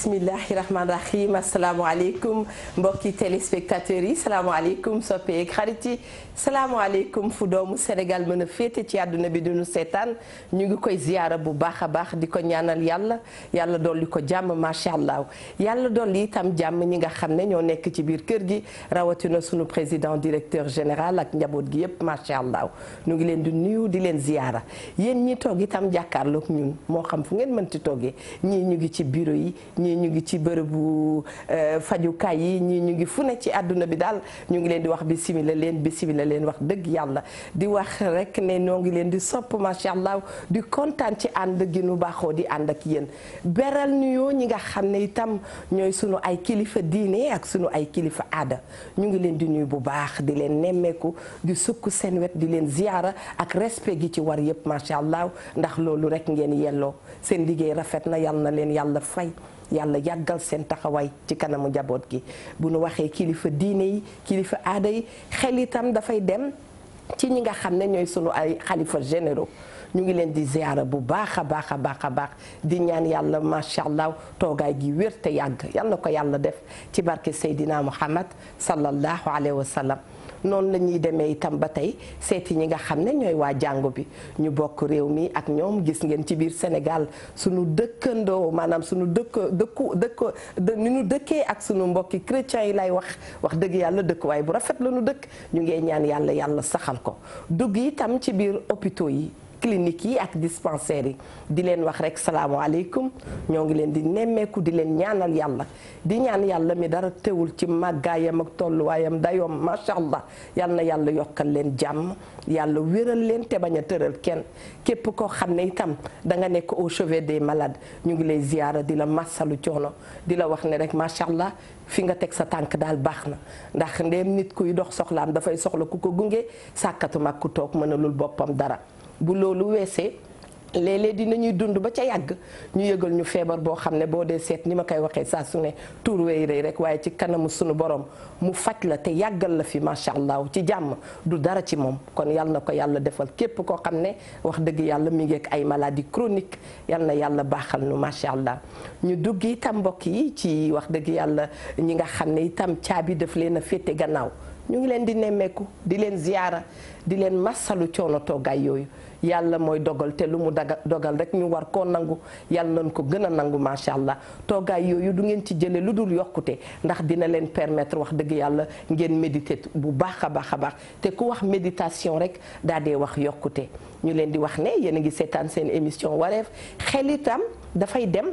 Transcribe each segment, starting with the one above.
bismillahi rahmaani rahim asalaamaaleykum mbokki téléspectateurs yi salaamaaleykum soppe yeeg xarit yi salaamaaleykum fu doomu Sénégal mën a féete ci àdduna bi du nu seetaan ñu ngi koy ziyaara bu baax a baax di ko ñaanal yàlla yàlla dolli ko jàmm macha allah yàlla dolli itam jàmm ñi nga xam ne ñoo nekk ci biir kër gi rawatina sunu président directeur général ak njaboot gi yépp macha allah ñu ngi leen di nuyu di leen ziyaara yéen ñi toog itam jàkkaarloog ñun moo xam fu ngeen mënti toogee ñii ñu ngi ci bureau yi ñu ngi ci bërëbu euh, fajukaay yi ñii ñu ngi fu ne ci àdduna bi daal ñu ngi leen di wax bi bisimila leen bisimila leen wax dëgg yàlla di wax rek ne ñoo ngi leen di sopp macha allah di kontaan ci ànd gi nu baaxoo di ànd ak yéen beral nuyoo ñi nga xam ne itam ñooy sunu ay kilifa diine ak sunu ay kilifa aada ñu ngi leen di nuyu bu baax di leen nemmeeku di sukk seen wet di leen ziyaara ak respect gi ci war yëpp macha allah ndax loolu rek ngeen yelloo seen liggéey rafet na yàlla na leen yàlla fay yàlla yàggal seen taxawaay ci kanamu njaboot gi bu nu waxee kilifa diine yi kilifa aada yi xel itam dafay dem ci ñi nga xam ne ñooy sunu ay xalifa généraux ñu ngi leen di ziara bu baax a baax a baax a baax di ñaan yàlla macha allah toogaay gi wér te yàgg yal na ko yàlla def ci barke Seydina Muhammad sallallahu alayhi wa sallam noonu la ñuy demee itam ba tey seeti ñi nga xam ne ñooy waa jàngo bi ñu bokk réew mi ak ñoom gis ngeen ci biir Sénégal suñu dëkkandoo maanaam suñu dëkk dëkku dëkk ni ñu dëkkee ak sunu mbokki chrétiens yi lay wax wax dëgg yàlla dëkkuwaay bu rafet la ñu dëkk ñu ngee ñaan yàlla yàlla saxal ko dugg itam ci biir hôpitaux yi clinique yi ak dispensaires yi di leen wax rek salaamaaleykum ñoo ngi leen di nemmeeku di leen ñaanal yàlla di ñaan yàlla mi dara tewul ci màggaayam ak tolluwaayam dayoom macha allah yal na yàlla yokkal leen jàmm yàlla wéral leen bañ a tëral kenn képp koo xam ne itam da nekk au des malades ñu ngi lay ziyaara di la massalu coono di la wax ne rek macha allah fi nga teg sa tànk daal baax na ndax ndéem nit kuy dox soxlaam dafay soxla ku ko gunge sàkkatu mag ku toog mënalul boppam dara bu loolu weesee léeg-léeg dinañuy dund ba ca yàgg ñu yëgal ñu feebar boo xam ne boo dee seet ni ma koy waxee saa su ne tuur wey rëy rek waaye ci kanamu sunu borom mu faj la te yàggal la fi macha allah ci jàmm du dara ci moom kon yal na ko yàlla defal képp koo xam ne wax dëgg yàlla mu ngi ay maladie chronique yal na yàlla baaxal nu macha allah. ñu dugg itam mbokk yi ci wax dëgg yàlla ñi nga xam ne itam caabi daf leen féete gannaaw ñu ngi leen di nemmeeku di leen ziyaara di leen massalu coono toogaay yooyu. yàlla mooy dogal te lu mu daga dogal rek ñu war koo nangu yàlla nañ ko gën a nangu macha allah toogaay yooyu du ngeen ci jëlee lu dul yokkute ndax dina leen permettre wax dëgg yàlla ngeen méditer bu baax a baax a baax te ku wax méditation rek daa dee wax yokkute ñu leen di wax ne yéen a ngi seetaan seen émission wareef xel itam dafay dem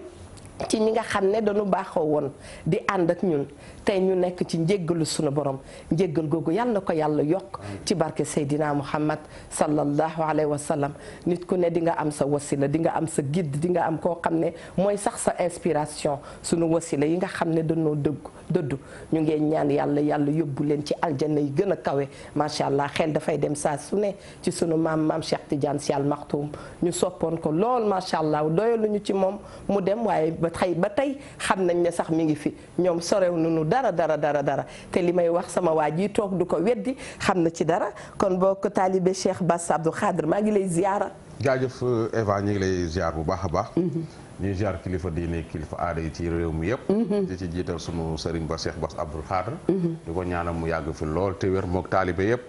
ci ñi nga xam ne dañu baaxoo woon di ànd ak ñun tey ñu nekk ci njéggalu sunu borom njéggal googu yàlla na ko yàlla yokk ci barke Seydina Muhammad sallallahu alayhi wa sallam nit ku ne di nga am sa wasila di nga am sa guide di nga am koo xam ne mooy sax sa inspiration sunu wasila yi nga xam ne dañoo dëgg dëddu ñu ngeen ñaan yàlla yàlla yóbbu leen ci aljana yi gën a kawe macha allah xel dafay dem saa su ne ci sunu maam maam Cheikh Tidiane Sy Al Maktoum ñu soppoon ko lool macha allah doyaluñu ci moom mu dem waaye ba ngi fi dara dara dara dara te li may wax sama waa ji toog du ko weddi xam na ci dara kon boo ko taalibe Cheikh Bass Abdou Khadre maa ngi lay ziara jaajëf euh, Eva ñu ngi lay ziar bu baax a baax mhm. ñuy ziar kilifa diine kilifa aada yi ci réew mi yëpp mhm. di ci jiital sunu sëriñ ba Cheikh Bass Abdou mhm. di ko ñaanal mu yàgg fi lool te wér moog taalibe yëpp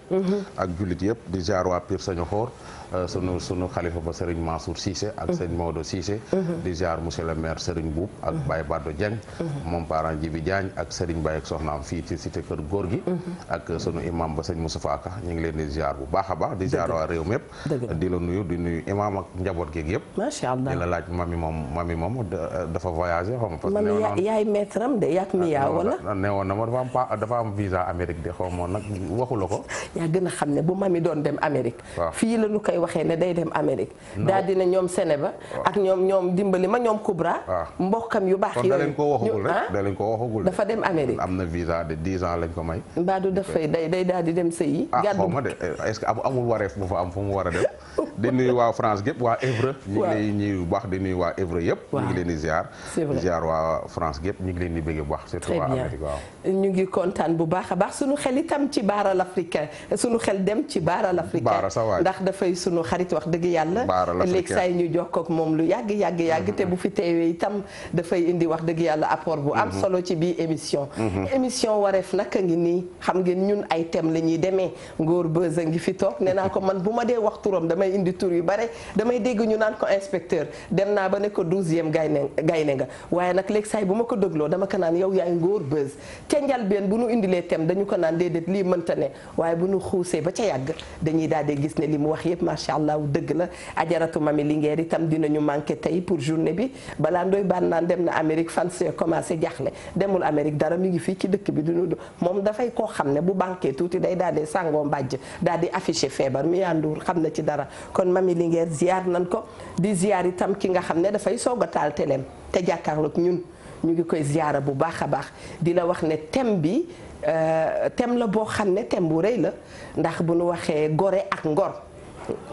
ak jullit yëpp di ziar waa Pire Sañoxoor Euh, sunu sunu xalifa ba Serigne Mansour Cissé ak Serigne Maodo Cissé mhm. di ziar monsieur le maire Serigne Boub ak mhm. Baye Bado Dieng mhm. moom parent Jibi Diagne ak Serigne Baye soxnaam fii ci cité kër góor gi ak sunu imam ba Serigne Moustapha Ka ñu ngi leen di ziar bu baax a baax di ziar waa réew mépp di la nuyu di nuyu imam ak yëpp di la laaj mami moom mami moom dafa voyagé xaw ma parce que mami yaay maître am de yàq mi yaa ah, wala ne woon na ma dafa am pa dafa am ko yaa gën a xam ne bu mami doon dem Amérique fii la ñu waxee ne day dem Amérique daal dina ñoom Sénéba ak ñoom dimbali ma ñoom Kubra ah. mbokkam yu baax yooyu da leen ko ah? da leen ko waxagul dafa dem Amérique am na visa de 10 ans lañ ko may mbaa du dafay day daal di dem sëy yi ah, gàddu xaw a di nuyu waa France gépp waa Évreux ñu ngi lay ñuy wax di nuyu bu baax surtout waa Amérique waaw ñu ngi kontaan bu baax a baax suñu xel itam ci baaral africain suñu xel dem ci baaral africain ndax dafay sunu xarit wax dëgg yàlla léegi saa yi ñu jokkoo ak moom lu yàgg yàgg yàgg mm-hmm. te bu fi teewee itam mm-hmm. mm-hmm. a ngi la ñuy demee ngóor bës a ngi fi toog nee naa ma dee wax turam damay indi tur yu bare damay ñu naan ko inspecteur dem naa ba ne ko douzième gaynde gaynde nga waaye nag léegi saa bu ma ko dégloo dama ko naan yow yaay ngóor bës ca njalbeen bu nu indilee thème dañu ko naan déedéet lii mënta ne waaye bu nu xuusee ba ca yàgg dañuy daal di gis ne li mu wax yépp macha allah dëgg la ajaratu mami Linguère itam dinañu manqué tey pour journée bi balaa ndoy baan naan dem na Amérique fan see commencé jaaxle demul Amérique dara mi ngi fii ci dëkk bi du duñu moom dafay koo xam ne bu banqué tuuti day daal di sangoo mbàjj daal di affiché feebar mi yanduur xam na ci dara kon mami Linguère ziar nan ko di ziar itam ki nga xam ne dafay soog a taal teleem te jàkkaarloog ñun ñu ngi koy ziara bu baax a baax di wax ne thème bi euh, thème la boo xam ne thème bu rëy la ndax bu nu waxee gore ak ngor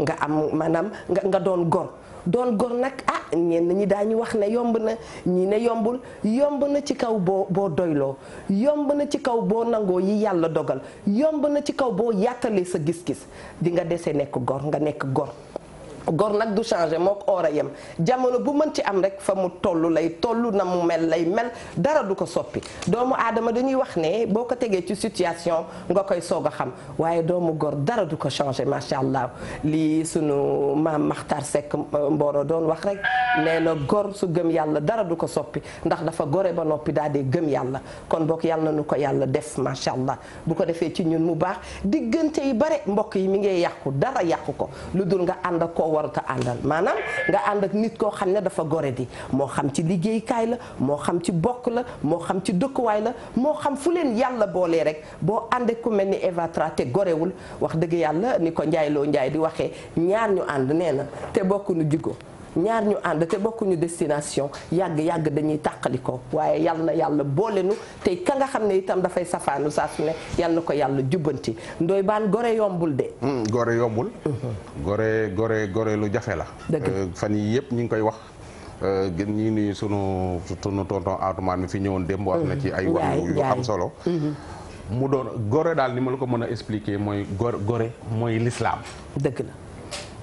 nga am maanaam nga nga doon gor doon gor nag ah ñenn ñi daañu wax ne yomb na ñi ne yombul yomb na ci kaw boo boo doyloo yomb na ci kaw boo nangoo yi yàlla dogal yomb na ci kaw boo yattalee sa gis-gis di nga dese nekk gor nga nekk gor gor nag du changé moo ko oor a yem jamono bu mën ci am rek fa mu tollu lay tollu na mu mel lay mel dara du ko soppi doomu aadama dañuy wax ne boo ko tegee ci situation nga koy soog a xam waaye doomu gor dara du ko changé macha allah lii sunu maam Maxtar Seck euh, Mboro doon wax rek nee na gor su gëm yàlla dara du ko soppi ndax dafa gore ba noppi daal di gëm yàlla kon boog yàlla na nu ko yàlla def macha allah bu ko defee ci ñun mu baax diggante yi bare mbokk yi mu ngi yàqu dara yàqu ko lu dul nga ànd ak ko warut a àndal maanaam nga ànd ak nit koo xam ne dafa gore di moo xam ci liggéeykaay la moo xam ci bokk la moo xam ci dëkkuwaay la moo xam fu leen yàlla boolee rek boo àndee ku mel ni Eva te gorewul wax dëgg yàlla ni ko Ndiaye loo Ndiaye di waxee ñaar ñu ànd nee na te bokk nu jikko ñaar ñu ànd te bokkuñu destination yàgg-yàgg dañuy tàqali ko waaye yal na yàlla boolenu tey ka nga xam ne itam dafay safaanu saa su ne yal na ko yàlla jubbanti ndoy baan gore yombul de hmm, gore yombul mhm. gore gore lu jafe la euh, fan yii yëpp ñu ngi koy wax euh, ñu ngi nuyu sunu sunu tonton Atoumane mi fi ñëwoon démb wax na mhm. ci ay wax yu am solo mhm. mu doon gore daal ni ma la ko mën a expliquer mooy gore gore mooy lislaam dëgg la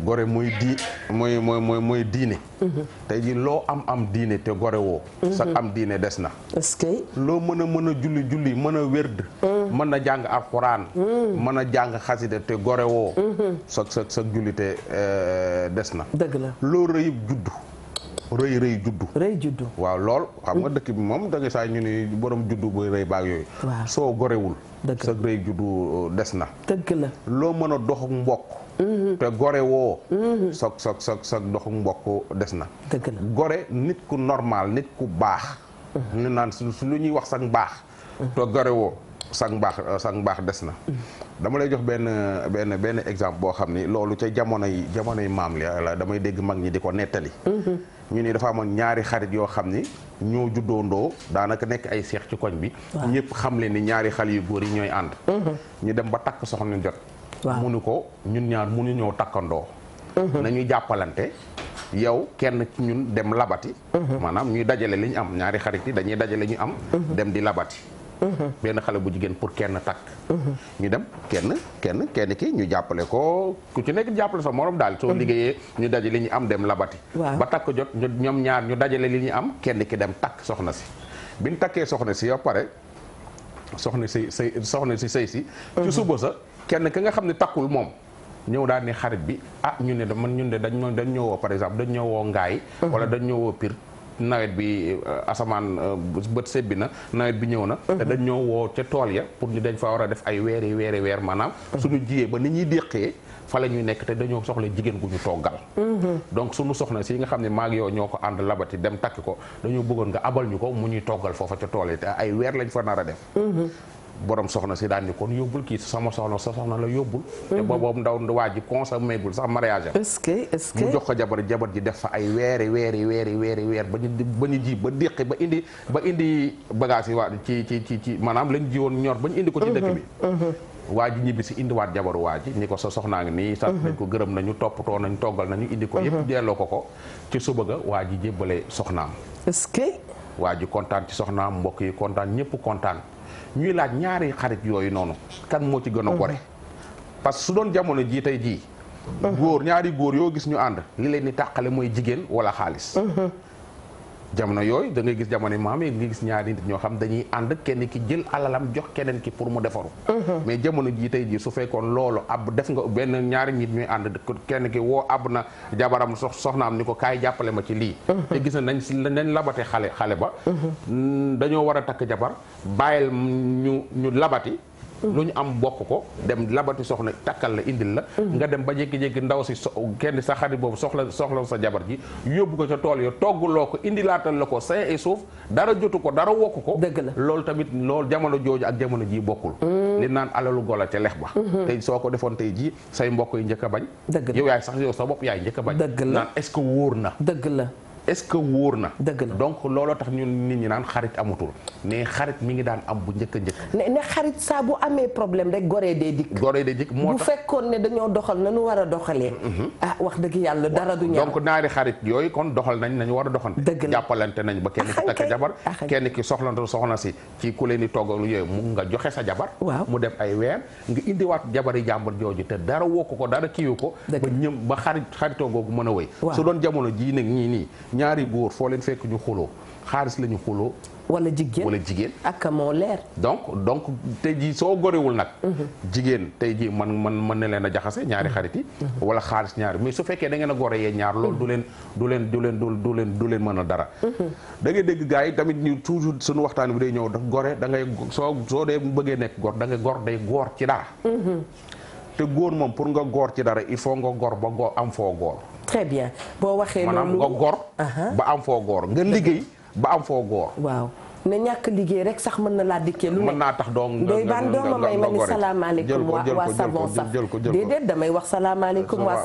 gore mooy di mooy mooy mooy mooy diine mhm. tey ji loo am am diine te gore woo mhm. sa am diine des na est que loo mën a mën a julli julli mën a wérd mhm. mën a jàng alxuraan mën a jàng xasida gore woo sa sa sa julli euh, des na dëgg la loo rëyib juddu rëy rëy juddu waaw lool xam nga dëkk bi moom da nga saa ñu ni borom juddu bu rëy baag yooyu soo gorewul sa rëy juddu euh, des na dëgg la loo mën a dox mbokk Mm-hmm. te gore woo soog mm-hmm. soog soog soog ndoxu mbokk des na gore nit ku normal nit ku baax mm-hmm. ñu naan su lu ñuy wax sax baax te gore woo sang baax euh, sang baax des na dama lay jox benn benn benn exemple boo xam ni loolu ca jamono yi jamono yi maam la damay dégg mag ñi di ko nettali ñu ni dafa amoon ñaari xarit yoo xam ni ñoo juddoondoo daanaka nekk ay seex ci koñ bi ñëpp xam leen ni ñaari xale yu góor yi ñooy ànd ñu dem ba takk soxna jot mu munu ko ñun ñaar munu ñoo takkandoo na nañu jàppalante yow kenn ci ñun dem labati maanaam ñuy dajale li am ñaari xarit yi dañuy dajale ñu am dem di labati benn xale bu jigéen pour kenn takk dem kenn kenn kenn ki ñu jàppale ko ku ci nekk jàppale sa morom daal soo liggéeyee ñu dajale ñu am dem labati ba takk jot ñoom ñaar ñu dajale li ñu am kenn ki dem takk soxna si biñ takkee soxna si yow pare si soxna si sëy si ci suba sa kenn ki nga xam ne takkul moom ñëw daal ni xarit bi ah ñu ne da man ñun de dañ ma dañ ñëwoo par exemple dañ ñëwoo ngaay mhm. wala dañ ñëwoo pir nawet bi euh, asamaan euh, bët sebbi na nawet bi ñëw na mhm. te dañ ñoo woo ca tool ya pour ñu dañ fa war a def ay weeri weeri weer maanaam mhm. suñu jiyee ba ni ñuy déqee fa la ñuy nekk te dañoo soxla jigéen gu ñu toggal donc suñu soxna si nga xam ne maag yow ñoo ko ànd labati dem takk ko dañoo bëggoon nga abal ñu ko mu ñuy toggal foofa ca tool yi te ay weer lañ fa nar a def borom soxna si daan ni kon yóbbul kii sama soxna sa soxna la yóbbul. te mhm. boobu ndaw waa ji consommé gul sax mariage am. est mu jox ko jabar jabar ji def fa ay weeri weeri weeri weeri weer ba ñu ba ñu ji ba déqi ba indi ba indi bagage yi waa ci ci ci ci maanaam lañ ji woon ñor ba ñu indi ko ci dëkk bi. Mhm. Mhm. waa ji ñibbi si indiwaat jabaru waa ji ni ko sa soxnaa ngi nii sant nañ ko gërëm nañu topp toppatoo nañ toggal nañu indi ko yëpp delloo ko ko ci suba ga waa ji jébbale soxnaam est-ce que waa ji kontaan ci soxnaam mbokk yi kontaan ñëpp kontaan ñuy laaj ñaari xarit yooyu noonu kan moo ci gën a bore mhm. parce que su doon jamono jii tey jii mhm. góor ñaari góor yoo gis ñu ànd li leen di tàqale mooy jigéen wala xaalis mhm. jamono yooyu da ngay gis jamono maam yi nga gis ñaari nit ñoo xam dañuy ànd kenn ki jël alalam jox keneen ki pour mu defaru mhm. mais jamono jii tey jii su fekkoon loolu ab def nga benn ñaari nit ñuy ànd kenn ki woo ab na jabaram sox soxnaam ni ko kaay jàppale ma ci lii mhm. te gis na nañ labate xale ba mhm. dañoo war a takk jabar bàyyil ñu ñu labati lu ñu am bokk ko dem labati soxna takkal la indil la mm-hmm. nga dem ba jékki-jékki ndaw si so kenn sa xarit boobu soxla soxla sa jabar ji yóbbu ko sa tool yo togguloo ko indilaatal la ko sañ et suuf dara jotu ko dara wokk ko dëgg la loolu tamit loolu jamono jooju ak jamono ji bokkul mm-hmm. li naan alalu gola ca lex ba mm-hmm. tey soo ko defoon tey ji say mbokk yi njëkk a bañ yow yaay sax yow sa bopp yaay njëkk a bañ naan est-ce que wóor na dëgg la est-ce que wóor na. dëgg la donc looloo tax ñun nit ñi naan xarit amatul. ne xarit mi ngi daan am bu njëkk a njëkk. ne xarit saa bu amee problème rek goree dee dikk. goree dee dikk moo tax bu fekkoon dañoo doxal na nu war a doxalee. Mhm. ah wax dëgg yàlla dara du ñaaw. naari xarit yooyu kon doxal nañ nañu war a doxal. dëgg la jàppalante nañ ba kenn ki takk ah, jabar. Ah, kenn ki soxla soxna si ci ku leen di toggalu yooyu mu nga joxe sa jabar. waaw mu def ay weer nga indiwaat jabari jàmbar jooju te dara woo ko ko dara kiiwu ko. ba ñëm ba xarit xaritoo googu mën a wéy su doon jamono jii nag ñii nii ñaari góor foo leen fekk ñu xuloo xaalis la ñu xuloo wala jigéen wala jigéen ak moo leer donc donc te jii soo gorewul nag mhm. jigéen te jii man man mën na leen a jaxase ñaari mhm. xarit yi mhm. wala xaalis ñaari mais su fekkee da ngeen a gore yee ñaar loolu du leen du leen du leen du leen du leen mën a dara da ngay dégg gars yi tamit ñu toujours suñu waxtaan bi day ñëw da gore da ngay soo soo dee bëggee nekk gor da ngay gor day goor ci dara te góor moom pour nga goor ci dara il faut nga gor ba am foo goor très bien boo waxee loolu maanaam nga gor. ba am foo gor nga liggéey ba am foo gor. ne ñàkk liggéey rek sax mën na laa dikkee lu ne mën naa tax doom doy baan may ma ni salaamaaleykum waa savon saf déedéet damay wax salaamaaleykum waa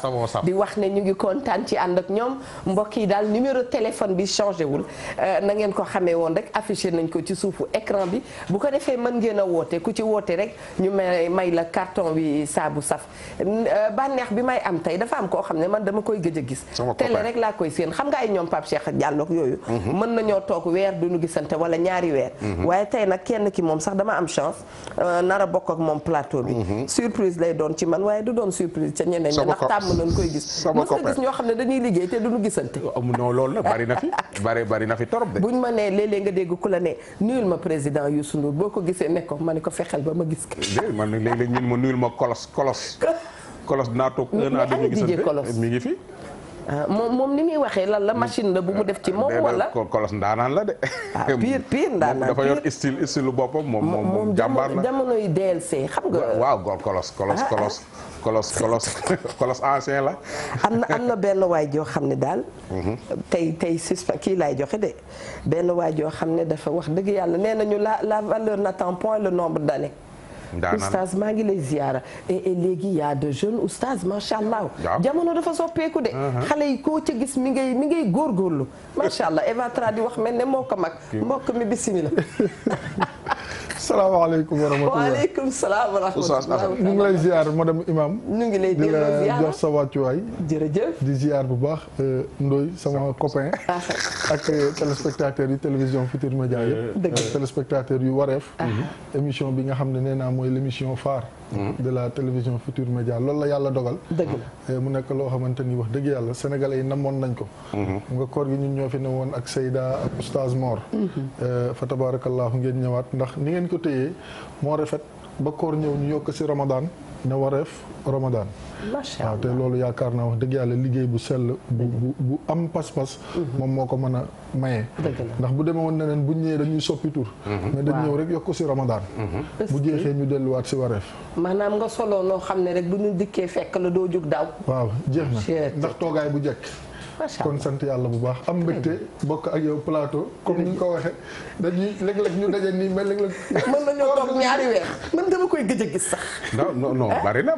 savon saf di wax ne ñu ngi kontaan ci ànd ak ñoom mbokk yi daal numéro téléphone bi changé wul euh, na ngeen ko xamee woon rek affiché nañ ko ci suufu écran bi bu ko defee mën ngeen a woote ku ci woote rek ñu may may la carton bi saabu saf euh, bànneex bi may am tey dafa am koo xam ne man dama koy gëj a gis télé rek laa koy séen xam nga ay ñoom Pape Cheikh Diallo yooyu mhm. mën nañoo toog weer duñu gis gisante wala ñaari weer mhm. waaye tey nag kenn ki moom sax dama am chance euh, nar a bokk ak moom plateau bi mhm. surprise lay doon ci man waaye du doon surprise ca ñeneen ñi ndax tàmm nañ koy gis mos nga gis ñoo xam oh, bari na fi bari na fi torop de buñ ma nee léeg nga dégg ku la ne nuyul ma président Youssou Ndour boo ko gisee ne ko ma ne ko fexeel ba ma gis ko man léeg-léeg ñun ma nuyul ma kolos kolos kolos dinaa toog un an demi gisante mi Ah, moom moom ni muy waxee lan la hmm. machine la bu mu def ci moom wala kolos ndaanaan la de ah, pire pire ndaanaan dafa yor style boppam moom moom moom jàmbaar jamonoy DLC xam nga waaw gor kolos kolos ah, kolos kolos kolos la am na am na benn waay joo xam ne daal mm-hmm. tey tey suspect kii laay joxe de benn waay joo xam ne dafa wax dëgg yàlla nee ñu la la valeur n'attend point le nombre d'années oustaz maa ngi lay ziara et eh, eh, léegi y a de jeunes oustaz macha allah. jamono dafa soppeeku de. Uh-huh. xale yi koo ca gis mi ngay mi ngay góorgóorlu macha allah Eva Tra di wax mel ne moo ko mag mbokk mi bisimilah. salaamaaleykum wa rahmatulah waaleykum salaam wa rahmatulah ñu ngi lay ziar madame Imaam. ñu ngi lay delloo ziar di la jox sa wàccuwaay. jërëjëf di ziar bu baax euh, Ndoye sama copain. Ah. ak euh, téléspectateur yi télévision Futur Média yëpp. dëgg téléspectateur yu wareef. Ah. émission bi nga xam ne nee naa mooy l' émission phare. Mm-hmm. de la télévision Futur Média loolu la yàlla dogal. Eh, mu nekk loo xamante ni wax dëgg yàlla sénégalais yi namoon nañ ko. Mm-hmm. nga koor gi ñun ñoo fi ne woon ak Seyda ak Oustaz Mor. Mm-hmm. Eh, fa tabaarakallaahu ngeen ñëwaat ndax ni ngeen ko téye moo fet ba koor ñëw ñu yokk si Ramadan na wareef Ramadan. waaw te loolu yaakaar na wax dëgg yàlla liggéey bu sell bu bu bu am pas-pas mhm. moom moo ko mën a maye ndax bu demee woon neneen bu ñëwee dañuy soppi tur mhm. mais dañ ñëw rek yokk ko si ramadaan mhm. bu jeexee ñu delluwaat si wareef maanaam nga solo noo xam ne rek bu ñu dikkee fekk la doo jug daaw waaw jeex na ndax toogaay bu jekk kon sant yàlla bu baax am mbégte bokk ak yow plateau comme ni ñu ko waxee dañuy léeg-léeg ñu daje nii mais léeg-léeg mën nañoo toog ñaari weer man dama koy gëj a gis sax non non non eh? bari na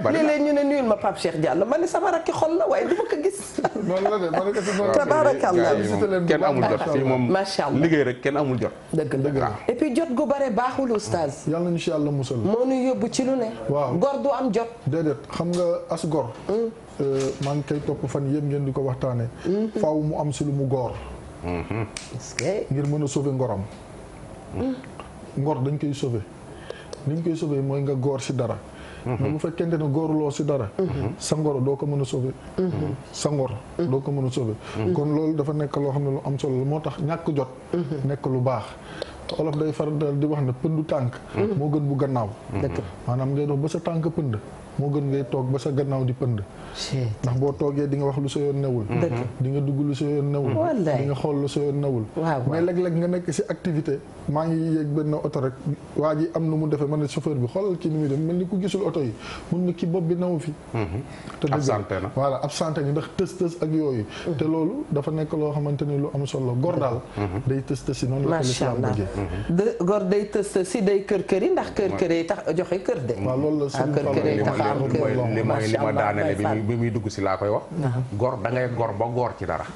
ma Pape Cheikh Diallo ma ne sama rakki xol la ma ko gis noonu la de ma ne ko sama tabarakallah kenn amul jot fii moom liggéey rek kenn amul jot dëgg la dëgg jot ah. gor du am jot déedéet xam nga as gor hmm. Euh, maa ngi koy topp fan yëpp ngeen di ko waxtaane mhm. faw mu am si lu mu góor mhm. ngir mën a sauver ngoram mhm. ngor dañ koy sauver ni ñu koy sauver mooy nga góor si dara mais bu fekkente ne góorloo si dara sa ngoro doo ko mën a soobe sa ngor doo ko mën a sauver kon loolu dafa nekk loo xam ne lu am solo la moo tax ñàkk jot nekk lu baax olof day faral di wax ne pëndu tànk moo gën bu gannaaw maanaam ngay dox ba sa tànk pënd moo gën ngay toog ba sa gannaaw di pënd ndax boo toogee di nga wax lu sa yoon newul di nga dugg lu sa yoon xool lu sa yoon newul mais léeg-léeg nga nekk si activité maa ngi yéeg benn oto rek waa ji am nu mu defee man ne chauffeur bi xoolal kii ni muy def mel ni ku gisul oto yi mun na ki bopp bi newu fi mhm. te dëgg voilà absenté ni ndax tës ak yooyu mhm. te loolu dafa nekk loo xamante ni lu am solo góor daal mhm. day tës tës si noonu la ko lislaam bëggee góor day tës tës si day kër kër yi ndax kër kër yi tax joxe kër de loolu la ah, aar li mooy li ma daanele bi muy dugg si laa koy wax. gor da ngay gor ba gor ci dara.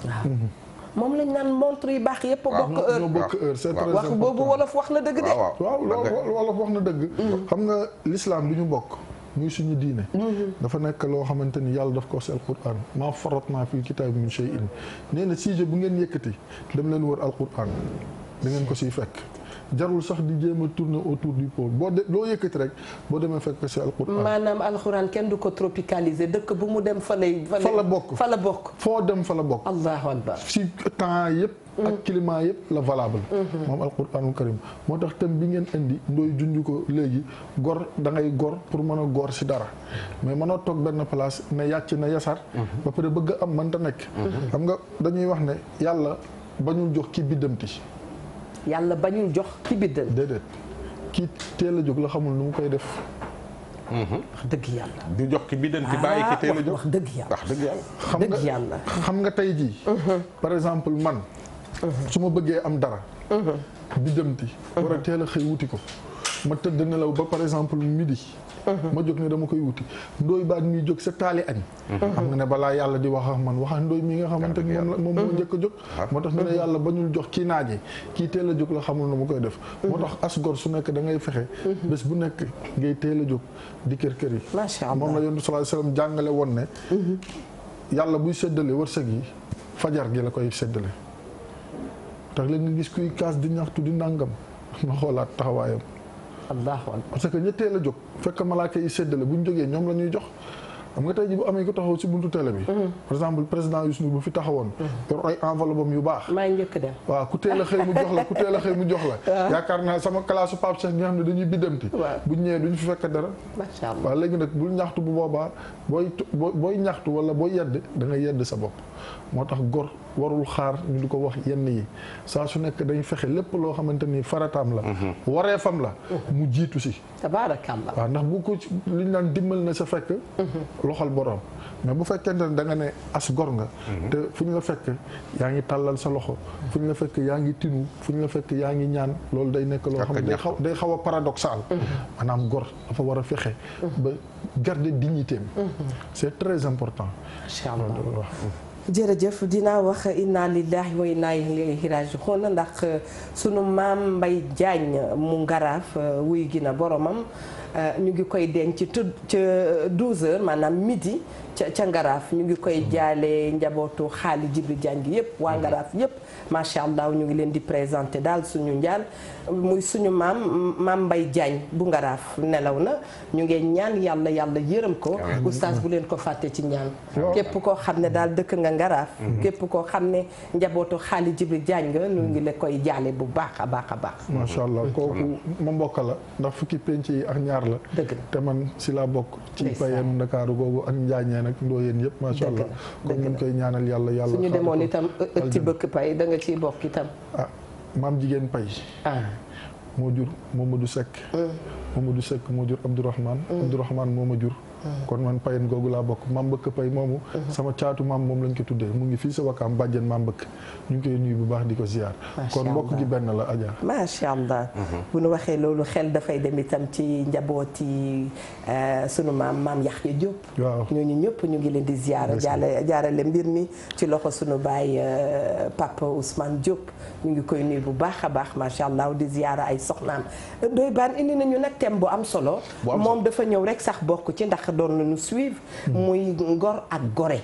moom lañ naan montre yu baax yëpp bokk heure waaw bokk heure c'est très wax boobu wolof wax na dëgg de. waaw loolu wax na dëgg. Mm. xam nga l'islam li ñu bokk. muy suñu diine. Mm-hmm. dafa nekk loo xamante ni yàlla daf ko wax si alquran maa faratnaa fil kitaabi min shay'in nee na sujet bu ngeen yëkkati dem leen wër alquran da ngeen ko siy fekk. jarul sax di jéem a tourner autour du pôle boo de loo yëkkati rek boo demee fekk si alxuraan. maanaam alxuraan kenn du ko tropicaliser dëkk bu mu dem fa lay. fa la bokk fa la bokk. foo dem fa la bokk. allahu akbar si temps yëpp. ak mhm. climat yëpp la valable. Mhm. moom alquranul karim moo tax thème bi ngeen indi ndoy junj ko léegi gor da ngay gor pour mën a gor si dara mais mënoo toog benn place ne yàcc na yasar. Mhm. ba pare bëgg am mënta nekk. xam nga dañuy wax ne yàlla bañul jox ki biddamti yàlla bañul jox ki biddal déedéet ki teel a jóg la xamul nu ma koy def mhm. wax dëgg yàlla du jox ki biddal ki bàyyi ki teel a ah, jóg wax dëgg yàlla wax dëgg yàlla dëgg yàlla xam nga tey jii mhm. par exemple man mhm. su ma bëggee am dara biddamti war a teel xëy wuti ko ma tëdd nelaw ba par exemple midi Mm-hmm. ma jóg ne dama koy wuti ndooy baat mi jóg sa taali añ mm-hmm. xam nga ne balaa yàlla di wax a man wax ndooy mi nga xamante ni moom moo njëkk a jóg mm-hmm. moo tax ñu ne yàlla jox kii naaje kii teel a jóg la xamul na mu koy def moo tax as gor su nekk da ngay fexe bés bu nekk ngay teel a jóg di kër kër yi macha allah moom la yonent sallallahu alayhi wasallam jàngale woon ne yàlla buy séddale wërsëg yi fajar gi la koy séddale tax la nga gis kuy kaas di ñaxtu di nàngam na xoolaat taxawaayam allahu akbar parce que ñettee la jóg fekk malaaka yi séddale bu ñu jógee ñoom la jox xam nga tey ji bu amee ko taxaw si buntu télé bi mhm. par exemple président Youssou Ndour bu fi taxawoon mhm. yor ay enveloppe yu baax maa njëkk dem waaw ku teel xëy mu jox la ku teel a xëy mu jox la yaakaar naa sama classe Pape Cheikh ñi nga xam ne dañuy biddamti buñ ñëwee duñ fi fekk dara macha allah waaw léegi nag bul ñaxtu bu boobaa booy booy ñaxtu wala boo yedd da nga yedd sa bopp moo tax gor warul xaar ñu di ko wax yenn yi saa su nekk dañ fexe lépp loo xamante ni farataam la. Mhm. fam la. Mhm. mu jiitu si. tabaarakallah waaw ndax bu ko li ñu naan dimbal na sa fekk. Mhm. loxol borom mais bu fekkente ne da nga ne as gor nga. te fu ñu la fekk yaa ngi tàllal sa loxo. fu ñu fekk yaa ngi tinu fu ñu la fekk yaa ngi ñaan loolu day nekk loo xam ne day xaw day xaw a paradoxal. maanaam gor dafa war a fexe. ba garder dignité am. c'est très important. incha allah jërëjëf dinaa wax inna lillahi wa inna ilayhi raji'un ndax euh, sunu maam Mbay Jaañ mu ngaraaf euh, wuy gi na boromam euh, ñu ngi koy denc ci tudd ca 12h maanaam midi ca ca ngaraaf ñu ngi koy jaale njabootu xaali Jibril Jaañ gi yëpp waa mm-hmm. ngaraaf yëpp macha allah ñu ngi leen di présenté daal suñu njaan muy suñu maam maam Mbay Jaañ bu ngaraaf nelaw na ñu ngeen ñaan yàlla yàlla yërëm ko oustaz bu leen ko fàtte ci ñaan képp koo xam ne daal dëkk nga ngaraaf mhm. képp koo xam ne njabootu xaali bi jaañ nga ñu ngi la koy jaale bu baax a baax a baax macha allah kooku ma mbokk la ndax fukki penc yi ak ñaar la dëgg te man si laa bokk ci payeenu ndakaaru googu ak njaañee nag ndoo yéen yëpp macha allah kon ñu koy ñaanal yàlla yàlla suñu nga ciy bokk itam. Ah, maam jigéen pay ah moo jur Momadou Seck. Ah. Momadou Seck moo jur Abdourahmane. Ah. Abdourahmane moo ma jur. kon man payen googu laa bokk maam mbëkk pay moomu sama caatu maam moom lañ ko tuddee mu ngi fii sa wakkaam bàjjen maam mbëkk ñu ngi koy nuyu bu baax la Adja mhm. waxee loolu xel dafay dem itam ci njabooti eh, sunu maam maam Yaxya Diop waaw ñooñu ñëpp ñu ngi leen di ziar jaale jaarale mbir mi ci loxo sunu baay eh, Papa Ousmane Diop ñu ngi koy nuyu bu baax a baax macha allah di ziar ay soxnaam doy baan indi nañu nag thème bu am solo moom dafa ñëw rek sax bokk ci ndax doon nañu suivre. muy ngor ak gore.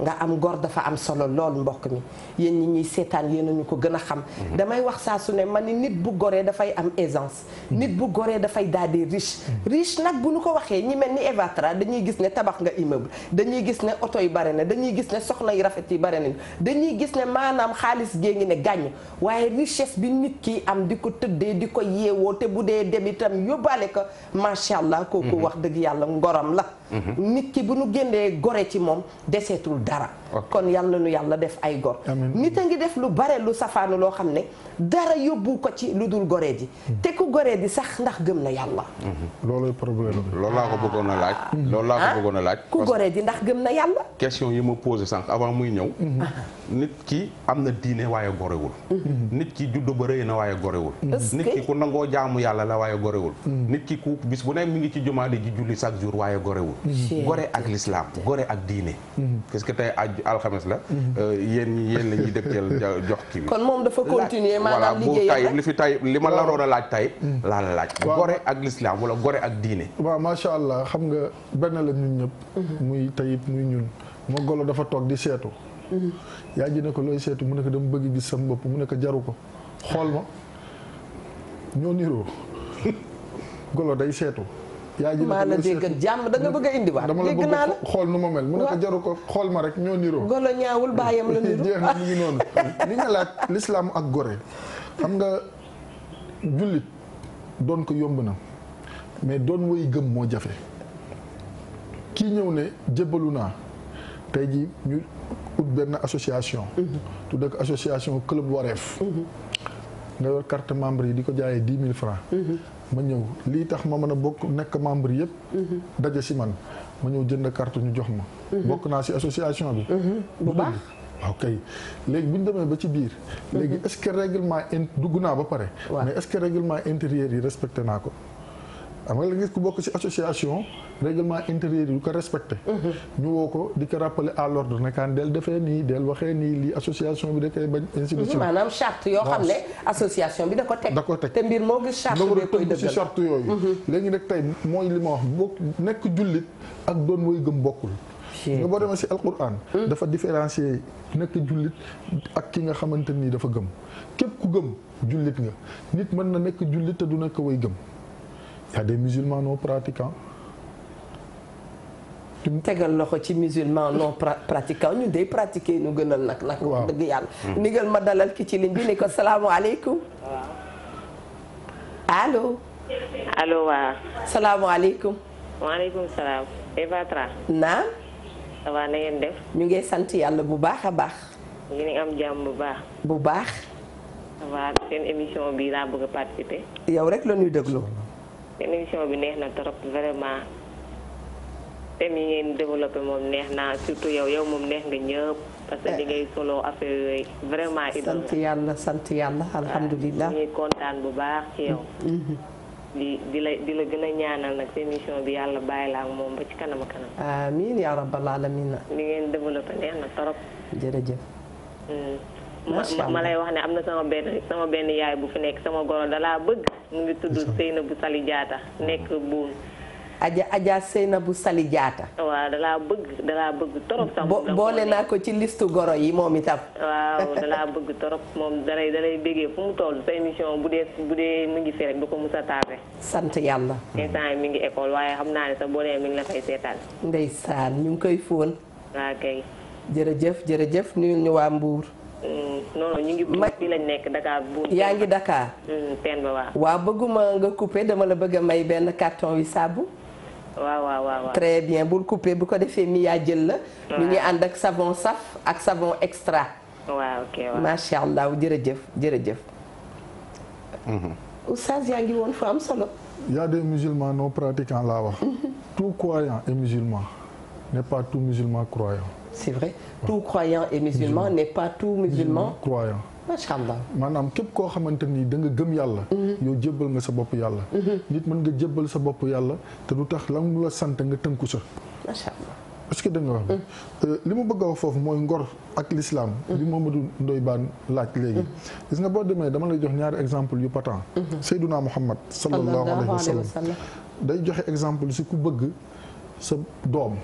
nga am gor dafa am solo lool mbokk mi yéen ñi ñuy seetaan yéen ñu ko gën a xam mhm. damay wax saa su ne man ni nit bu goree dafay am aisance mhm. nit bu goree dafay daal riche mhm. riche nag bu ñu ko waxee ñi mel ni Eva dañuy gis ne tabax nga immeuble dañuy gis ne oto yi bare na dañuy gis ne soxna yu rafet yi bare na dañuy gis ne maanaam xaalis gée ngi ne gàññ waaye richesse bi nit ki am di ko tëddee di ko yeewoo te bu dee dem itam yóbbaale ko macha allah kooku wax dëgg yàlla ngoram la Mhm. nit ki bu nu génnee gore ci moom deseetul dara kon yàlla nu yàlla def ay gor nit a ngi def lu bare lu safaanu loo xam ne dara yóbbu ko ci lu dul gore ji mhm. te ku gore di sax ndax gëm na yàlla mhm. loolu problème loolu laa ko bëggoon a laaj loolu laa ko ah? bëggoon a laaj ku gore di ndax gëm na yàlla question yi ma posé sànq avant muy ñëw ah. nit ki am na diine waaye gorewul nit ki juddu ba rëy na waaye gorewul nit ki ku nangoo jaamu yàlla la waaye gorewul nit ki bis bu nekk mi ngi ci jumaa di julli chaque jour waaye gorewul gore ak l'islam gore ak diine mhm. parce que tey aju alxames la mhm. euh, yéen ñi yéen la ñuy dëgteel jox kii bi kon moom dafa continuer maanaam liggéey voilà bu tey li ma laroon a laaj tey mhm. laa la laaj gore ak l'islam wala gore ak diine waaw macha allah xam nga benn la ñun ñëpp muy tayib muy ñun ma golo dafa toog di seetu yaa ji ne ko looy seetu mu ne ko dama bëgg gis sa bopp mu ne ko jaru ko xool ma ñoo niroo golo day seetu yaa ji maa la déggal jàmm da nga bëgg a indiwaat. dégg naa la xool nu ma mel. mu ne ko jaru ko xool ma rek ñoo niroo. golo ñaawul bàyyam la niru jeex na mu ngi noonu. li nga laaj lislaam ak gore xam nga jullit doon ko yomb na mais doon woy gëm moo jafe kii ñëw ne jébbalu naa tey jii ñu ut benn association. Mm-hmm. tudde ko association club wareef. Mm-hmm. nga yor carte membre yi di ko jaayee dix mille francs. Mm-hmm. ma ñëw lii tax ma mën a bokk nekk membre yëpp. Mhm. daje si man ma ñëw jënd carte ñu jox ma. Mhm. bokk naa si association bi. Mhm. bu baax waaw kay léegi bu ñu demee ba ci biir. léegi est-ce que in dugg naa ba pare. mais est-ce que règlement intérieur yi respecté naa ko. am nga la gis ku bokk ci association règlement intérieur yu ko respecte mhm. ñu ko di ko rappeler à l'ordre ne kaan del defee nii del waxee nii lii association bi da koy bañ. ainsi de mhm, suite maanaam charte bi da ko teg da ko teg te mbir moo gis. charte bee koy yooyu. Mhm. léegi nag tey mooy li ma wax bokk nekk jullit ak doon woy gëm bokkul. nga boo demee ci alquran dafa différencier nekk jullit ak ki nga xamante nii dafa gëm képp ku gëm jullit nga nit mën na nekk jullit te du nekk way gëm y a des musulmans non pratiquants. tegal loxo ci musulman non pratiquant ñu day pratiquer ñu gënal nag nag wax dëgg yàlla hmm. ndigal ma dalal ki ci li bi ni ko salaamaaleykum allo allo waa salaamaaleykum waaleykum salaam Eva Tra na ngeen def ñu ngi sant yàlla bu baax a baax ñu ngi am jàmm bu baax bu baax ça seen émission bi laa bëgg a participer yow rek la ñuy déglu seen bi neex na trop vraiment thème yi ngeen développé moom neex na surtout yow yow moom neex nga ñëpp. parce que li eh. ngay solo affaire yooyu vraiment. sant yàlla sant yàlla alhamdulilah ñuy kontaan bu baax ci yow. Mm-hmm. di la di la gën a ñaanal nag seen émission bi yàlla bàyyi laa ak moom ba ci kanam a kanam. amiin yaa rabbal alamin. li ngeen développé neex na trop. jërëjëf. Mm. ma ma lay wax ne am na sama benn sama benn yaay bu fi nekk sama goro dalaa bëgg mu ngi tudd bu Sali jaata nekk buun Aja na bu Sali Diatta waaw dalaa bëgg dalaa bëgg torop sax boole naa ko ci listu goro yi moom itam waaw dalaa bëgg torop moom dalay dalay bégee fu mu toll sa émission bu dee bu dee mu ngi fi rek du ko mus a tardé sant yàlla instant yi mi ngi école waaye xam naa ne sax boo demee mi ngi la fay seetaan ndeysaan ñu ngi koy fóon waa jërëjëf jërëjëf nuyul ñu Mm, non ñu ngi bi lañ nekk Dakar buum. yaa ngi Dakar. teen mm, waaw. bëgguma nga couper dama la bëgg a may benn carton wi saabu. waaw bien bul couper bu ko defee mi yaa jël la. ñu ngi ànd ak savon saf ak savon extra. waaw ok waaw macha allah jërëjëf jërëjëf. Mhm. oustaz yaa ngi woon fu am solo. y a des musulmans non laa wax. Mhm. tout croyant est musulman n'est pas tout musulman croyant. c'est vrai tout croyant et musulman n'est pas tout musulman croyant macha allah maanaam képp koo xamante ni danga gëm yàlla mhm. yow jébbal nga sa bopp yàlla mhm. nit mën nga jébbal sa bopp yàlla te du tax la mu la sant nga tënku sa parce que da nga wax mhm. euh, li ma bëgg a wax foofu mooy ngor ak l'islam li Mamadou Ndoye Bane laaj léegi gis nga boo demee dama lay jox ñaari exemple yu patent Seydouna Muhammad sallallahu alayhi wa sallam day joxe exemple si ku bëgg sa doom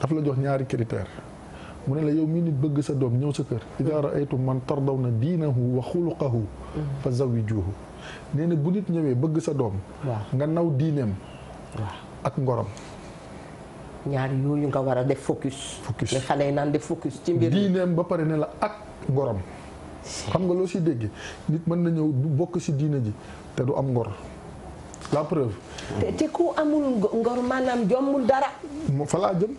daf la jox ñaari critère mu ne la yow mi nit bëgg sa doom ñëw sa kër idaa mm. raaytum man tardawna diinahu wa xuluqahu mm. fa zawijuhu nee na bu nit ñëwee bëgg sa doom nga naw diineem ak ngorom ñaar yooyu nga war a def focus focus mais naan def focus ci mbir diineem ba pare ne la ak ngorom xam nga loo si déggee nit mën na ñëw du bokk si diina ji te du am ngor la preuve. te ku amul ngor maanaam jommul dara. mu fa laa jëm.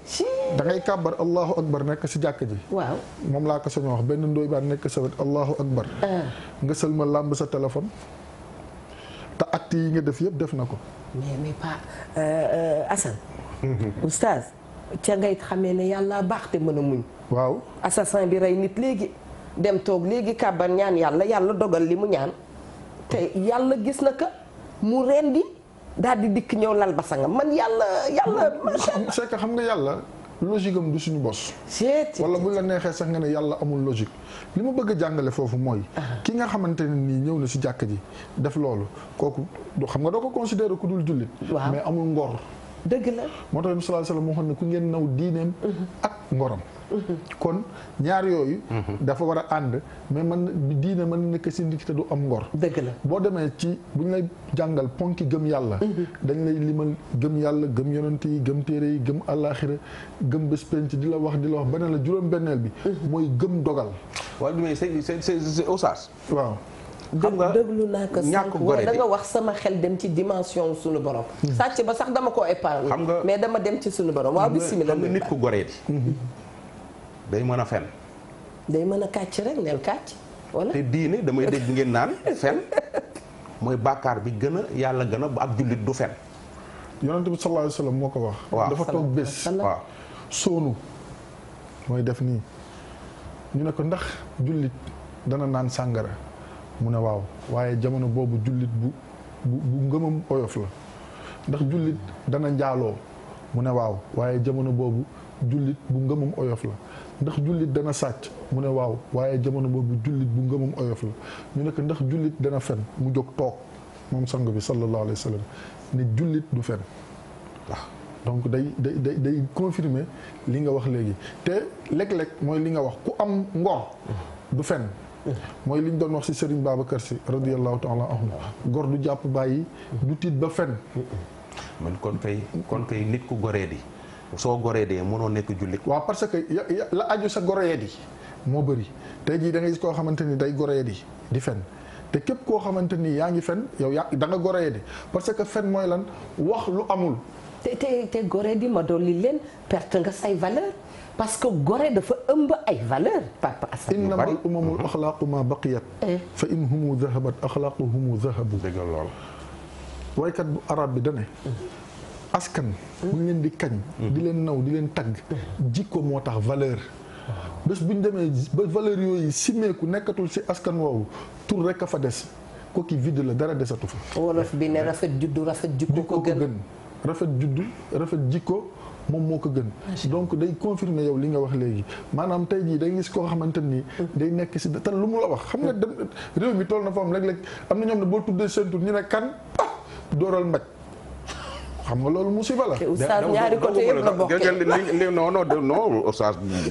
da ngay kàbbar allahu akbar nekk si jàkk ji. waaw moom laa ko soñoo wax benn ndooy baan nekk sa wet allahu akbar. Ah. nga sëlma làmb sa téléphone. te acte yi nga def yëpp def na ko. mais mais pas euh, euh, Assane. Mhm. oustaz ne yàlla baax te mën a waaw assassin bi rey nit léegi. dem toog léegi kàbbar ñaan yàlla yàlla dogal li mu ñaan. te yàlla gis na ka mu rendi daal di dikk ñëw lal basangam man yàlla yàlla. macha allah c'est xam nga yàlla logique am du suñu bos. wala bu la neexee sax nga ne yàlla amul logique. li ma bëgg a jàngale foofu mooy. Ah. ki nga xamante ne nii ñëw na si jàkk ji def loolu kooku du xam nga doo ko considérer ku dul jullit. mais amul ngor. dëgg la moo tax sallallahu alayhi wasallam moo xam ne ku ngeen naw diineem mhm. ak ngorom mhm. kon ñaar yooyu mhm. dafa war a ànd mais man diine mën na nekk si nit te du am ngor dëgg la boo demee ci bu ñu lay jàngal ponki gëm yàlla dañ lay limal gëm yàlla gëm yonent yi gëm téere yi gëm àllaaxira gëm bés ci di la wax di la wax beneen la juróom benneel bi mooy gëm dogal waaw du may sëñ sëñ Oustaz waaw xam nga naa ko ñàkk gore da wax sama xel dem ci dimension suñu borom hmm. sàcc ba sax dama ko épargne xam nga mais dama dem ci suñu borom waaw bismillah xam nga nit ku gore di hmm. day mën a fen day mën a kàcc rek neel kàcc wala te diine damay dégg ngeen naan fen mooy bàkkaar bi gën a yàlla gën a ba ab jullit du fen yonent bi solo alayhi wa sallam moo ko wax waaw dafa toog bés waaw soonu mooy def nii ñu ne ko ndax jullit dana naan sàngara mu ne waaw waaye jamono boobu jullit bu bu bu ngëmam oyof la ndax jullit dana njaaloo mu ne waaw waaye jamono boobu jullit bu ngëmam oyof la ndax jullit dana sàcc mu ne waaw waaye jamono boobu jullit bu ngëmam oyof la ñu ne ndax jullit dana fen mu jóg toog moom sang bi sallallahu alayhi wa sallam ne jullit du fen donc day day day day li nga wax léegi te léeg-léeg mooy li nga wax ku am ngor du fen mooy li ñu doon wax ci Serigne Babacar Sy radiyallahu taala anhu gor du jàpp bàyyi du tiit ba fen man kon kay kon kay nit ku goree di soo goree dee mënoo nekk jullit waaw parce que la sa goree di moo bëri tey jii da ngay koo xamante ni day goree di di fen te képp koo xamante ni yaa ngi fen yow yaa da nga parce que fen mooy lan wax lu amul te te te goree di ma dolli leen perte nga say valeur parce que gore dafa ëmb ay valeur papa Assane innama al umamul mhm. axlaaqu ma baqiyat eh. fa in humu zahabat axlaaquhumu zahabu dëgg lool waykat bu arab bi dane mm. askan bu mm. leen di kañ mm. di leen naw di leen tagg jikko moo tax valeur bés bu ñu demee ba valeur yooyu simmeeku nekkatul si askan woowu tur rek a fa des kooki vide la dara desatu fa wolof bi ne rafet juddu rafet ko gën rafet juddu rafet jikko moom moo ko gën donc day confirmer yow li nga wax léegi maanaam tey jii day gis koo xamante nii day nekk si tan lu mu la wax xam nga dem réew mi toll na fa am léeg-léeg am na ñoom ne boo tuddee seen tur ñu ne kan ah, dooral mbaj xam nga loolu musiba la. te oustaz ñaari côté yëpp la bokkee non non non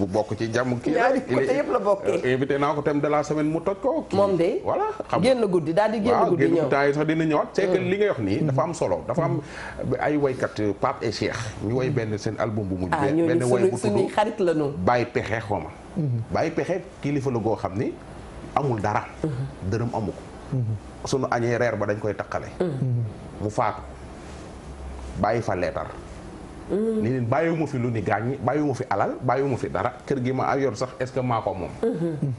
bu bokk ci jàmm kii ñaari côté la bokkee euh, invité naa ko thème de la semaine mu toj ko. moom de voilà xam génn guddi daal di génn guddi ñëw temps yi sax dina ñëwaat c'est mm. li nga yox nii dafa am solo dafa am mm. ay woykat Pape et Cheikh ñu woy mm. benn seen album bu mujj ah, benn woy bu tudd xarit la ñu bàyyi pexe xooma mm-hmm. baay pexe kilifa la goo xam ni amul dara mm-hmm. dërëm amu ko mm-hmm. añee reer ba dañ koy taqale mu faatu bàyyi fa leetar mm. ni leen ma fi lu ni gaañ bàyyiwuma fi alal bàyyiwuma fi dara kër gi ma yor sax est-ce que maa ko moom mm-hmm.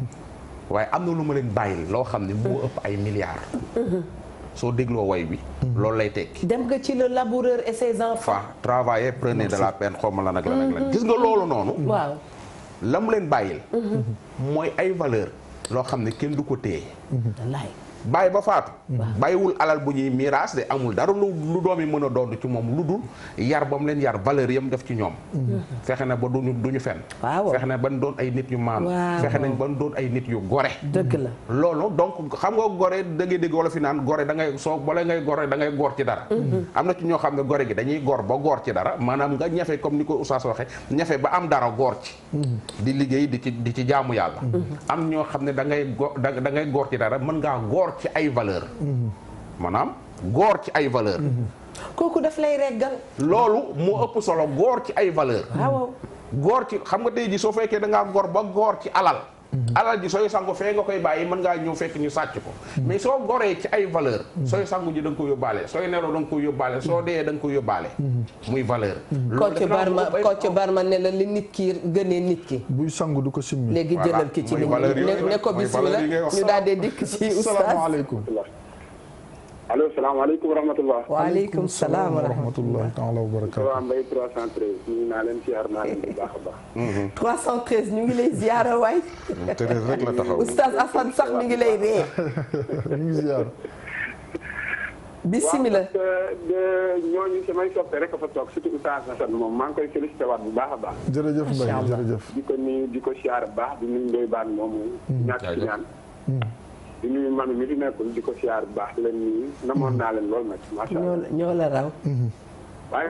waaye am na lu ma leen bàyyil loo xam ne moo ëpp ay milliards mm-hmm. soo dégloo woy bi mm-hmm. loolu lay tekki dem nga ci le laboureur et ses enfants travailler prenez de la peine xaw ma la nag la nag la gis nga loolu noonu waaw la mu leen bàyyil mooy ay valeur loo xam ne kenn du ko téye bàyyi ba faatu bàyyiwul alal bu ñuy miraas de amul dara lu lu doom yi mën a doon ci moom lu dul yar ba mu leen yar valeur yam def ci ñoom mm-hmm. fexe na ba duñu du ñu fenn fexe na ban doon ay nit yu maanu fexe nañ ban doon ay nit yu gore dëgg la loolu donc xam nga gore da ngay dégg wala fi naan gore da ngay soo bala ngay gore da goor ci dara mm-hmm. am na ci ñoo xam ne gore gi dañuy goor ba goor ci dara maanaam nga ñafe comme ni ko Oustaz waxe ñafe ba am dara goor ci mm-hmm. di liggéey di ci di ci jaamu yàlla am ñoo xam ne da ngay da ngay goor ci dara mën ngaa góor ci ay valeur maanaam góor ci ay valeur kooku daf lay reggal loolu moo ëpp solo góor ci ay valeur ah, góor ci xam nga tey ji soo fekkee da ngaa góor ba góor ci alal alal ji sooy sangu fee nga koy bàyyi mën ngaa ñëw fekk ñu sàcc ko mais soo goree ci ay valeur sooy sangu ji da nga ko yóbbaale sooy nelaw da nga ko yóbbaale soo dee da ko yóbbaale muy valeur kocc barma kocc barma ne la li nit kii gënee nit ki buy sangu du ko simmi léegi jëlal ki ci nit ne ko bismillah ñu daal dee dikk ci salaamaaleykum allo salaamaaleykum wa rahmatulah. waaleykum salaam wa rahmatulah. taala wa barakatu. waaw mbay 313. ñu naa leen ziar naa leen bu baax a baax. 313 mhm. ñu ngi lay ziara waay. Thérèse rek la taxaw. oustaz Assane sax mi ngi lay ree. ñu ngi ziar. bisimilah waaw parce que euh, ñooñu samay soppe rek a fa toog surtout oustaz Assane moom maa ngi koy félicité waat bu baax a baax. jërëjëf Mbaye jërëjëf. di ko nuyu di ko ziar bu baax di nuyu Ndoye Bane moomu. Mm. ñàkk ci ñaan. di nuyu mami mi di nekkul di ko siyaar bu baax leen nuyu. namoon naa leen lool nag. macha allah ñoo la raw. Mhm. waaye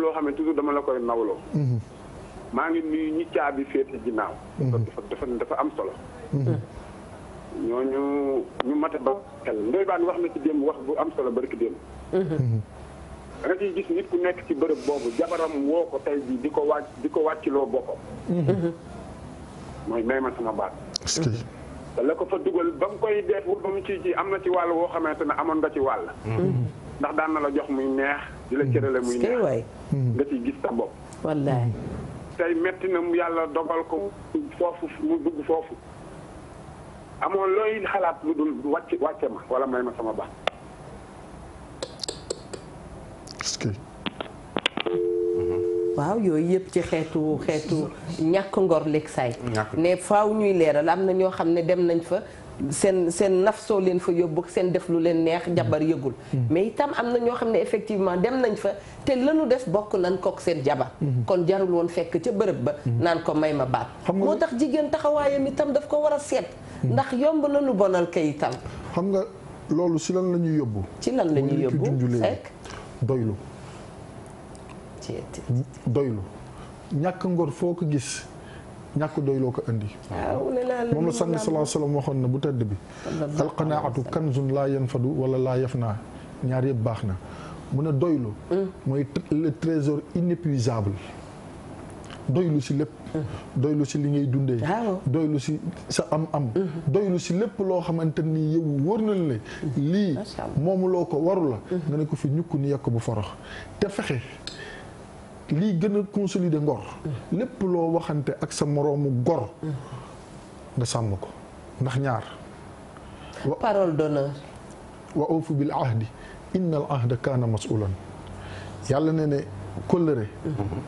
loo xam ne toujours la koy nawloo. Mhm. maa ngi nuyu ñi caabi féete ginnaaw. Mhm. dafa dafa dafa am solo. ñooñu ñu mat a ba wax na ci démb wax bu nekk ci bërëb boobu jabaram woo ko tey jii di ko wàcc di ko wàcciloo boppam. mooy may ma sama baat. la ko fa dugal ba mu koy def ba mu ci ci am na ci wàll woo xamante ne amoon nga ci wàll. Mm-hmm. ndax daan na la jox muy neex. di la cërale muy mm-hmm. neex mm-hmm. nga ciy gis sa bopp. wallaay. tey metti na mu yàlla dogal ko foofu mu dugg foofu. amoon looy xalaat lu dul wàcc wàcce ma wala may ma sama baax. waaw yooyu yëpp ci xeetu xeetu ñàkk ngor lekk saay ne faaw ñuy leeral am na ñoo xam ne dem nañ fa seen seen naf soo leen fa yóbbu seen def lu leen neex jabar yëgul hmm. mais itam am na ñoo xam ne effectivement dem nañ fa te lanu des bokk nañ kook seen jabar hmm. kon jarul woon fekk ca bërëb ba hmm. naan ko may ma baat moo tax jigéen taxawaayam itam daf ko war a seet ndax yomb lañu bonal kay itam xam nga loolu si lan la yóbbu ci lan la ñuy yóbbu doylu doylu ñàkk ngor foo ko gis ñàkk doyloo ko indi moom la sànni salaa salaam waxoon na bu tedd bi alqanaatu kanzun laa yanfadu wala laa yafnaa ñaar yëpp baax na mu ne doylu hmm. mooy le trésor inépuisable doylu si lépp hmm. doylu si li ngay dundee doylu si sa am am hmm. doylu si lépp loo xamante ni yow wër na la lii moomuloo ko waru la nga ne ko fi ñukk ni yekk bu forox te fexe lii gën a consolider ngor lépp loo waxante ak sa moroomu gor nga sàmm ko ndax ñaar parole d'honneur wa awfu bil ahdi inna al ahda kaana masulan yàlla ne ne kóllëre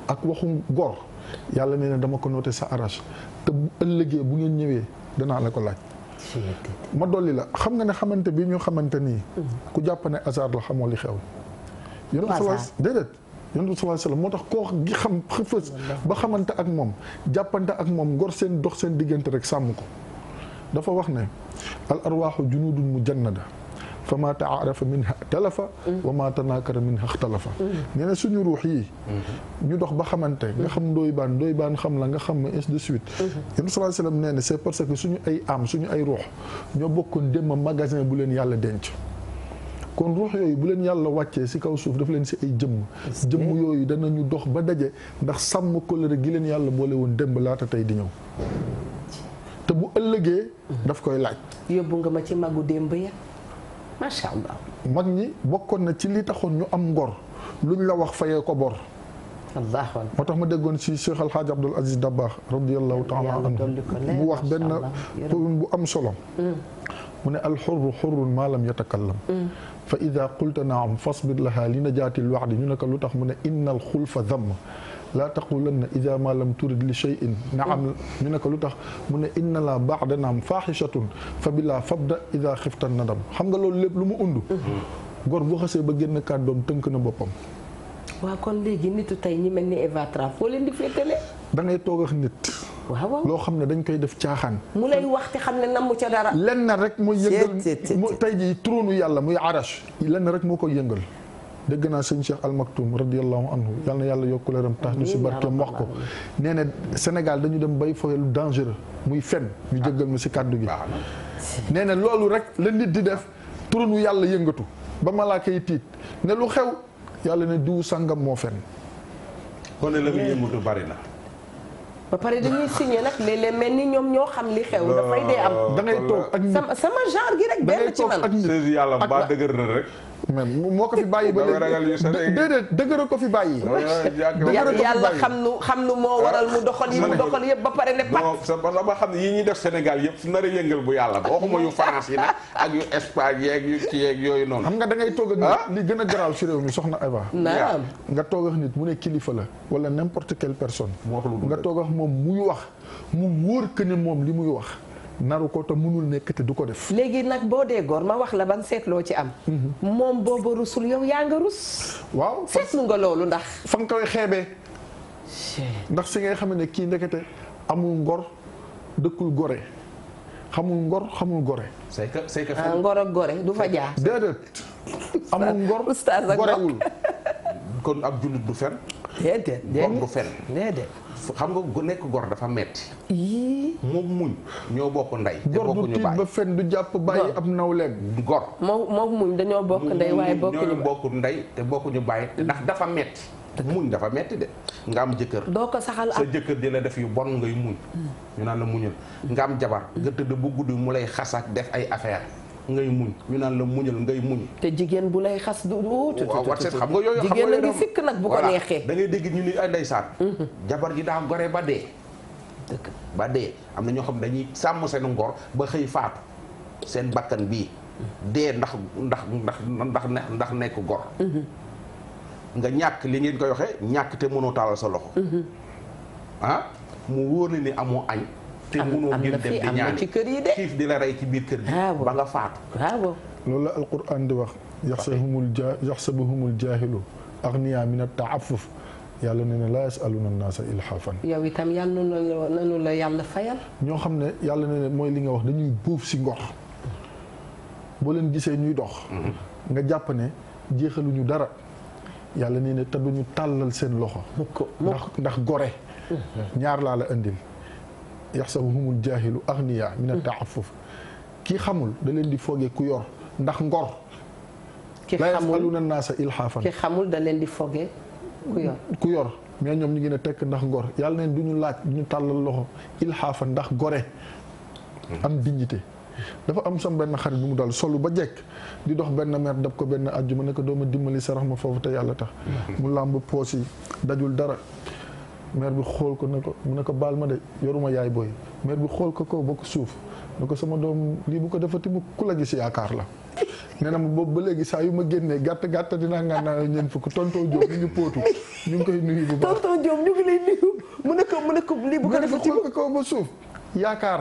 ak waxu gor yàlla ne ne dama ko noté sa arrache te bu ëllëgee bu ngeen ñëwee danaa la ko laaj ma dolli la xam nga ne xamante bi ñu xamante nii ku jàpp ne la xamoo li xew yéen déedéet yonent bi sallallahu moo tax koo xam xëfës ba xamante ak moom jàppante ak moom ngor seen dox seen diggante rek sàmm ko dafa wax ne al arwaaxu junudun mujannada fa ma taarafa minha talafa wa ma tanakara minha xtalafa mm-hmm. nee na suñu ruux yi mm-hmm. ñu dox ba xamante nga xam ndooy baan ndooy baan xam la nga xam ainsi de suite mm-hmm. yonent sallallahu alayhi wasallam nee na c'est suñu ay am suñu ay ruux ñoo bokkoon démb magasin bu leen yàlla denc kon ruux yooyu bu leen yàlla wàccee si kaw suuf daf leen si ay jëmm jëmm yooyu ñu dox ba daje ndax sàmm kóllëre gi leen yàlla boole woon démb laata tey di ñëw te bu ëllëgee daf koy laaj yóbbu nga ma ci magu démb ya macha allah mag ñi bokkoon na ci li taxoon ñu am ngor luñ la wax fayee ko bor waaw moo tax ma déggoon si Cheikh Al Hadj Abdoul Aziz Dabakh radiyallahu taala anhu mu wax benn bu am solo. Mm. mu ne al xurru xurrun maa lam yatakallam mm. fa ida qulta naam fasbir laha li najaati lwaxdi ñu ne ko lu tax mu ne inna al xulfa damm laa taqulanna ida ma lam turid li cheyin naam ñu ne ko lu tax mu ne inna la baada naam faaxichatun fa bilaa fabda ida xifta nadam xam nga loolu lépp lu mu undu mm-hmm. góor bu xasee ba génn kàddoom tënk na boppam waaw kon léegi nitu tey ñi mel ni Eva Tra foo leen di féetale da ngay toog ak nit. loo xam ne dañ koy def caaxaan. mu lay wax te xam ne namu ca dara. lenn rek mooy yëngal mu tey jii trônu yàlla muy arash. lenn rek moo koy yëngal. dégg naa sëñ Cheikh Almaktoum radiyallahu anhu yal na yàlla yokk leeram tax ñu si barkeem wax ko nee na Sénégal dañu dem bay foye lu muy fen ñu si kàddu gi. nee na loolu rek la nit di def trônu yàlla yëngatu ba malaaka yi tiit ne lu xew yàlla ne diwu sàngam moo fen. kon la bari na. ba pare dañuy signé nag léeg-léeg mel ni ñoom ñoo xam li xew. dafay dee am da ngay toog ak sama genre gi rek benn ci man. da ngay toog ak yàlla mbaa dëgër na rek. mais moo ko fi bàyyi ba léegi déedéet dëgëral ko fi bàyyi. yàlla xam nu xam nu moo waral mu doxal yi mu doxal yëpp ba pare ne pat. non ba xam ne yii ñuy def Sénégal yëpp fu nar a yëngal bu yàlla ba waxuma yu France yi nag ak yu Espagne yeeg yu ci yeeg yooyu noonu. xam nga da ngay toog ak nit ah? li gën a garaaw si réew mi soxna Eva. naam nga toog ak nit mu ne kilifa la wala n'importe quelle personne. nga toog ak moom muy wax mu wóor que ne moom li muy wax. naru ko te mënul nekk te du ko def. léegi nag boo dee góor ma wax la ban seetloo ci am. Mhm. moom booba rusul yow yaa nga rus. waaw seetlu nga loolu ndax. fa nga koy xeebee. ndax si ngay xam ne kii ndekete amul ngor dëkkul gore xamul ngor xamul gore. say ka say ka ngor ak gore du fa jaar. déedéet amul ngor gorewul kon ab jullit du fen déedéet gor du fen déedéet xam nga nekk gor dafa metti moom muñ ñoo bokk ndey te bokkuñu baay gor du tiit ba fen du jàpp bàyyi ab nawleen gor moom moom muñ dañoo bokk ndey waaye bokkuñu ñoo bokk ndey te bokkuñu baay ndax dafa metti muñ dafa metti de nga am jëkkër doo ko saxal sa jëkkër di la def yu bon ngay muñ mm. ñu naan la muñul nga am jabar nga tëdd bu guddi mu lay xas ak def ay affaire ngay muñ ñu naan la muñal ngay muñ te jigéen bu lay xas du wut xam nga yooyu jigéen la nag bu ko neexee da ngay dégg ñu ni ay ndeysaan mhm. jabar ji daa gore ba am na ñoo xam dañuy sàmm seen ngor ba xëy faatu seen bakkan bii dee ndax ndax ndax ndax ndax nekk gor mhm. nga ñàkk li ngeen koy waxee ñàkk te mënoo taalal sa loxo mhm. ah mu wóor la ni amoo añ te munoo ngeen dem di ñaan ci kër yi de la rey ci loolu la alquran di wax yaxsabuhumul ja yaxsabuhumul jaahilu agniya min at-ta'affuf yàlla nee na laa yasaluna naasa ilhaafan yow itam yàlla nanu la yàlla fayal ñoo xam ne yàlla nee na mooy li nga wax dañuy buuf si ngor boo leen gisee ñuy dox mm-hmm. nga jàpp ne jeexaluñu dara yàlla nee na te duñu tàllal seen loxo ndax ndax gore mm-hmm. ñaar laa la indil yaxsabuhumul jaahilu aghniyaa mina hmm. taafuf kii xamul da leen di foogee ku yor ndax ngor. ki xamul la yasaluna naasa ilhaafan ki xamul da leen di foogee ku yor. ku mais ñoom ñu ngi ne tekk ndax ngor yàlla neen du ñu laaj du ñu tàllal loxo ilhaafan ndax gore. Hmm. am dinjite dafa am sam benn xarit bu mu daal solu ba jekk di dox benn mer dab ko benn àjjuma ne ko dooma dimbali sarax ma foofu te yàlla tax. Hmm. mu làmb poos yi dajul dara. maire bi xool ko ne ko mu ne ko baal ma de yoruma yaay booy maire bi xool ko ko bokk suuf ne ko sama doom lii bu ko defati mu ku la gis yaakaar la nee na ma boobu ba léegi saa yu ma génnee gàtt gàtt dinaa ngaan naa ñeen fukk tontoo Jóob ñu ngi pootu ñu ngi koy nuyu bu baax tontoo Jóob ñu ngi lay nuyu mu ne ko mu ne ko lii bu ko defati mu ko ba suuf yaakaar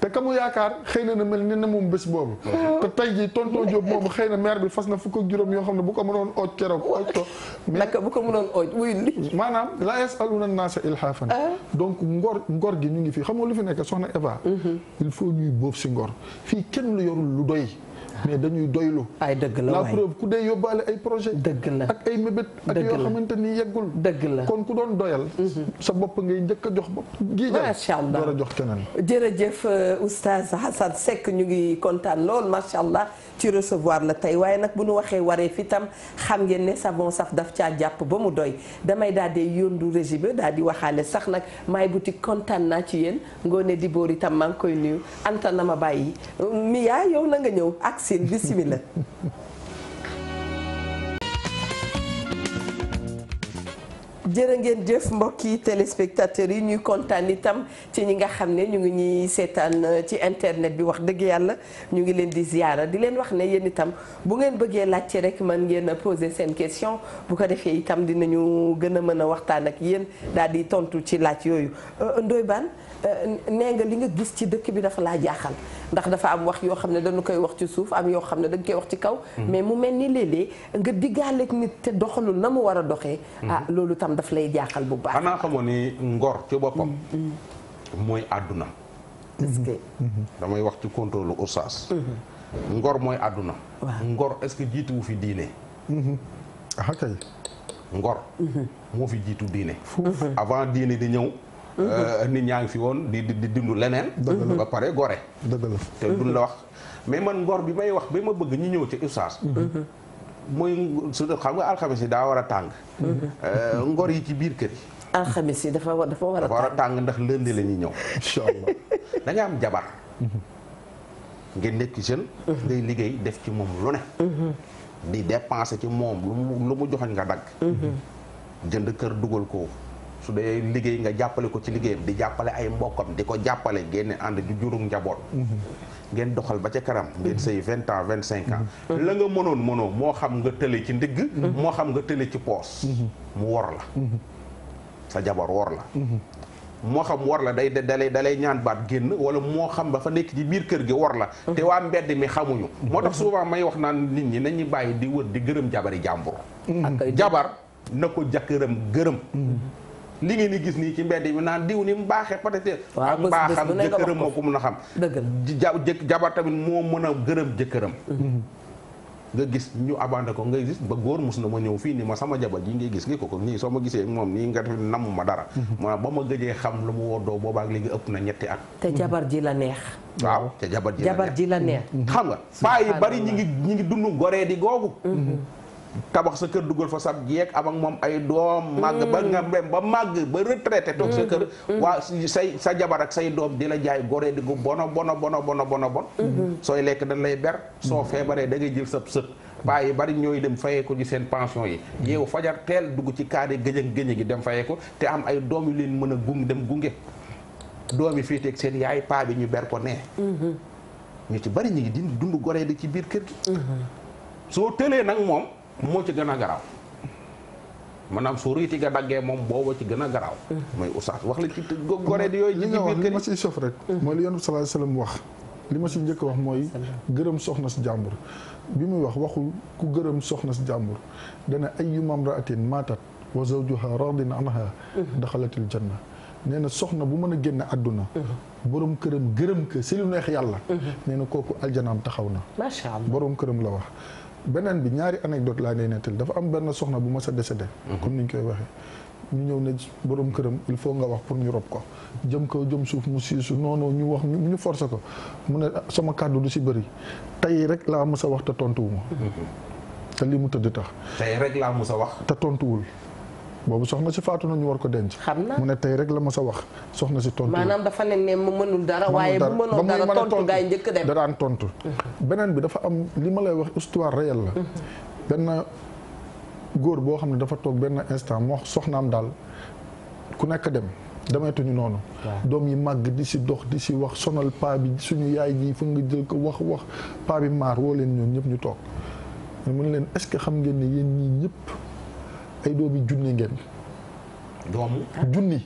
te ka mu yaakaar xëy na na mel ne na moom bés boobu te tey jii tonton Diop moom xëy na maire bi fas na fukk ak juróom yoo xam ne bu ko mënoon ooj keroog ooj ko naka bu ko mënoon ooj wuy li maanaam la yasaluna naasa ilhaafan ah. donc ngor ngor gi ñu ngi fii xam nga lu fi nekk soxna Eva mhm. il faut ñuy boob si ngor fii kenn lu yorul lu doy mais dañuy doylu ay dëgg la la preuve ku dee yóbbaale ay projet dëgg la ak ay mébét ak yoo xamante ni yeggul dëgg la kon ku doon doyal mhm. sa bopp ngay njëkk a jox bopp giijal macha allah door a jox keneen jërëjëf euh, oustaz Hassan Seck ñu ngi kontaan lool macha allah ci recevoir la tey waaye nag bu ñu waxee wareef itam xam ngeen ne savon saf daf caa jàpp ba mu doy damay daal yoon du régime daal di waxaale sax nag maay boutique kontaan naa ci yéen ngoone di boor itam maa ngi koy nuyu anta na ma bàyyi Mia yow na nga ñëw ak seen bismillah jërë ngeen jëf mbokki téléspectateurs yi ñuy kontaan itam ci ñi nga xam ne ñu ngi ñuy seetaan euh, ci internet bi wax dëgg yàlla ñu ngi leen di ziyaara di leen wax ne yéen itam bu ngeen bëggee laajte rek man ngeen a poser seen question bu ko defee itam dinañu gën a mën a waxtaan ak yéen daal di tontu ci laaj yooyu euh, Ndoye Bane Euh, nee li nga gis ci dëkk bi dafa laa jaaxal ndax dafa am wax yoo xam ne dañu koy wax ci suuf am yoo xam ne dañu koy wax ci kaw. Hmm. mais mu mel ni léeg-léeg nga diggaaleeg nit te doxalul na mu war a doxee. Hmm. ah loolu tam daf lay jaaxal bu baax. xanaa xamoon ni ngor ci boppam. Hmm. mooy àdduna. est-ce que. damay wax ci contrôle oustaz. ngor mooy àdduna. ngor est-ce que jiituwu fi diine. ah kay. ngor. moo fi jiitu diine. avant diine di ñëw. Euh, nit ñaa ngi fi woon di di dund leneen. ba pare gore. dëgg la te duñ la wax mais man ngor bi may wax ba ma bëgg ñu ñëw ci ustaas. mooy su xam nga alxames yi daa war a tàng. Euh, ngor yi ci biir kër yi. alxames dafa dafa war a tàng war a tàng ndax lundi la ñuy ñëw. incha allah am jabar. Mhm. ngeen nekk jeune. Mhm. ngay liggéey def ci moom lu ne. Mhm. di dépenser ci moom lu lu mu joxoñ nga dagg. jënd kër dugal ko. su dee liggéey nga jàppale ko ci liggéeyam di jàppale ay mbokkam di ko jàppale génne ànd di jurum njaboot mm-hmm. ngeen doxal ba ca kanam ngeen mm-hmm. sëy vingt ans vingt cinq ans mm-hmm. la nga mënoon mënoo moo xam nga tële ci ndigg moo xam nga tële ci poos mu wor la sa jabar wor la moo xam war la day dalay dalay ñaan baat génn wala moo xam ba fa nekk ci biir kër gi war la te waa mbedd mi xamuñu moo tax souvent may wax naan nit ñi nañu bàyyi di wër di gërëm jabari jàmbur jabar na li ngeen di gis nii ci mbedd mi naan diw ni mu baaxee peut-être ak mbaaxam jëkkëram moo ko mën a xam jabar tamit moo mën a gërëm jëkkëram mm-hmm. nga gis ñu abandé ko nga gis ba góor mus na ma ñëw fii ni ma sama jabar ji ngay gis ngi ko ko nii soo ma gisee moom nii nga def namm ma dara mm-hmm. ma ba ma gëjee xam lu mu woddoo boobaak léegi ëpp na ñetti at te mm-hmm. jabar ji la neex waaw te jabar ji la neex xam nga paa yi bari ñi ngi ñi ngi dund goree di googu tabax sa kër dugal fa sab jeeg am ak moom ay doom màgg ba nga dem ba màgg ba retraité toog sa kër mm-hmm. waa say sa jabar ak say doom di la jaay goree di gu bono bono bono bono bono bon mm-hmm. sooy lekk dañ lay ber soo mm-hmm. feebaree da ngay jël sab sët baa yi bari ñooy dem fayee ko ci seen pension yi yeewu fajar teel dugg ci kaari gëjëg gëjë gi dem fayee ko te am ay doom yu leen mën a gung dem gunge doom yi fii teg seen yaay paa bi ñu ber ko nee ñu ci bari ñu ngi dund goree di ci biir kër gi soo tëlee nag moom moo ci gën a garaaw maanaam su riiti ga daggee moom booba ci gën a garaaw. mooy oustaz wax la ci gore di yooyu. ci biir kër li ma siy sof rek. mooy li yonent sallallahu alayhi wax. li ma si njëkk wax mooy. gërëm soxna si jàmbur. bi muy wax waxul ku gërëm soxna si jàmbur dana ayyuma imra'atin maatat wa zawjuha radin anha daxalatil janna nee na soxna bu mën a génn àdduna. borom këram gërëm ka si lu neex yàlla. Mm-hmm. nee na kooku aljanaam taxaw na. macha allah këram la wax. beneen bi ñaari anecdote laa ngay nettali dafa am benn soxna bu ma sa décédé mhm. comme ni ñu koy waxee ñu ñëw ne borom këram il faut nga wax pour ñu rob ko jëm ko jëm suuf mu siisu noonu ñu wax ñu forcé ko mu ne ah, sama kàddu du si bëri tey rek laa mës a wax te tontuwuma mhm. te li mu tëdd tax tey rek laa mës a wax te tontuwul boobu soxna si faatu na ñu war ko denc. xam na mu ne tey rek la ma sa wax soxna si tontu. maanaam dafa ne ne mu mënul dara. waaye bu mënoon dara tontu gaay njëkk dem da daan tontu. Mhm. beneen bi dafa am li ma lay wax histoire réelle la. Mhm. benn góor boo xam ne dafa toog benn instant moo soxnaam daal ku nekk dem. dameetuñu noonu. doom yi màgg di si dox di si wax sonal paa bi suñu yaay ji fu nga jël ko wax wax paa bi maar woo leen ñoom ñëpp ñu toog. mais mën leen est-ce que xam ngeen ne yéen ñii ñëpp. ay doomi junni ngeen. doomu junni.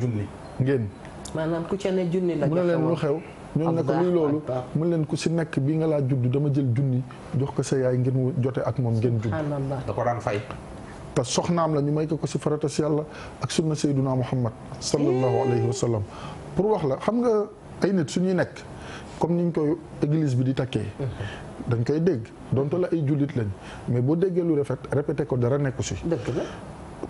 junni ngeen. maanaam ku ca ne junni la. mu ne leen lu xew. ñoom ne ko luy loolu mu leen ku si nekk bi nga laa judd dama jël junni jox ko sa yaay ngir mu jote ak moom ngeen judd. da ko daan fay. te soxnaam la ñu may ko ko si farata si yàlla ak sunna sayyiduna muhammad sallallahu alayhi wa sallam pour wax la xam nga ay nit suñuy nekk comme niñ koy église bi di takkee. dañ koy dégg. donte la ay jullit lañ mais boo déggee lu rafet répété ko dara nekku si. dëgg la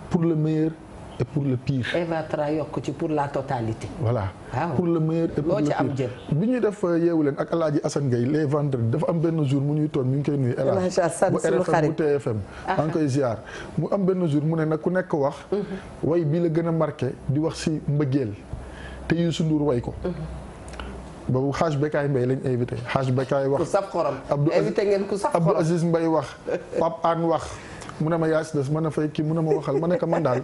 pour le meilleur et pour le pire. Eva Tra yokk ci pour la totalité. voilà pour le meilleur et pour le pire bi ñuy def euh, yeewu leen ak El Hadj Assane Gueye les vendredi dafa am benn jour mu ñuy toon ñu ngi koy nuyu. El Hadj bu RFM bu TFM. Ah. maa ngi koy mu am benn jour mu ne nag ku nekk wax. Mm-hmm. way bii la gën a marqué di wax si mbëggeel te Youssou Ndour way ko. Mm-hmm. boobu xaaj Bekaay Mbaye lañ invité xaaj Bekaay wax. ku saf xorom invité ngeen ku saf xorom Abdou Aziz wax Pape An wax. mu ne ma yaa si des mën a fay kii mu a ma waxal ma ne ko man daal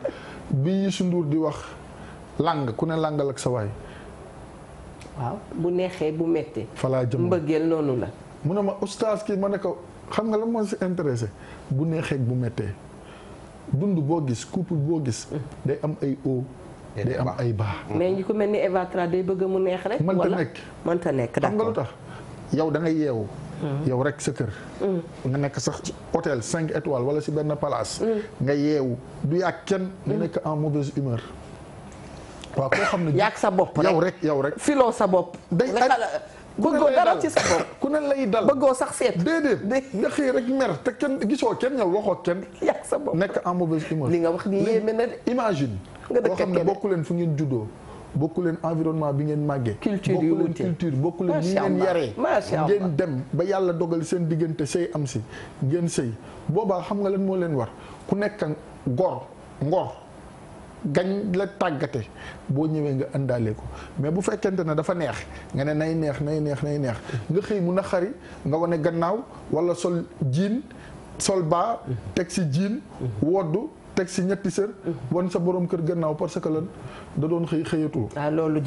bi su Ndour di wax lang ku ne langal ak sa waay. bu neexee bu méttee. falaa laa jëm mbëggeel la. mu ne ma oustaz kii ma ne xam nga la moo si intéressé bu neexee bu mettee dund boo gis couple boo gis. Mm. day am ay o day am ay baax mais ñi ko mel ni Eva Tra day bëgg mu neex rek. mënta nekk mënta nekk d'accord xam nga lu tax yow da ngay yeewu. Hmm. yow rek sa kër. Hmm. nga nekk sax hôtel cinq étoiles wala si benn palace. Hmm. nga yeewu du yàgg kenn. nga nekk en mauvaise humeur. waaw koo xam ne yàgg sa bopp rek yow rek yow rek. filoo sa bopp. day bëggoo dara ci sa ku ne lay dal bëggoo sax seet déedéet nga xëy rek mer te kenn gisoo kenn ñëw waxoo kenn yàgg sa bopp nekk en mauvaise humeur li nga wax ni yéeme na de imagine nga dëkk xam ne bokku leen fu ngeen juddoo bokku leen environnement bi ngeen màggee culture yu wuute culture bokku leen ñi ngeen yaree ngeen dem ba yàlla dogal seen diggante sëy am si ngeen sëy boobaa xam nga leen moo leen war ku nekk gor ngor gañ la tàggate boo ñëwee nga àndaale ko mais bu fekkente ne dafa neex nga ne nay neex nay neex nay neex nga xëy mun a xari nga wane gannaaw wala sol jiin sol baa teg si jiin wodd teg si ñetti sër mm. wan sa boroom kër gannaaw parce que lan da doon xëy xëyatul ah loolu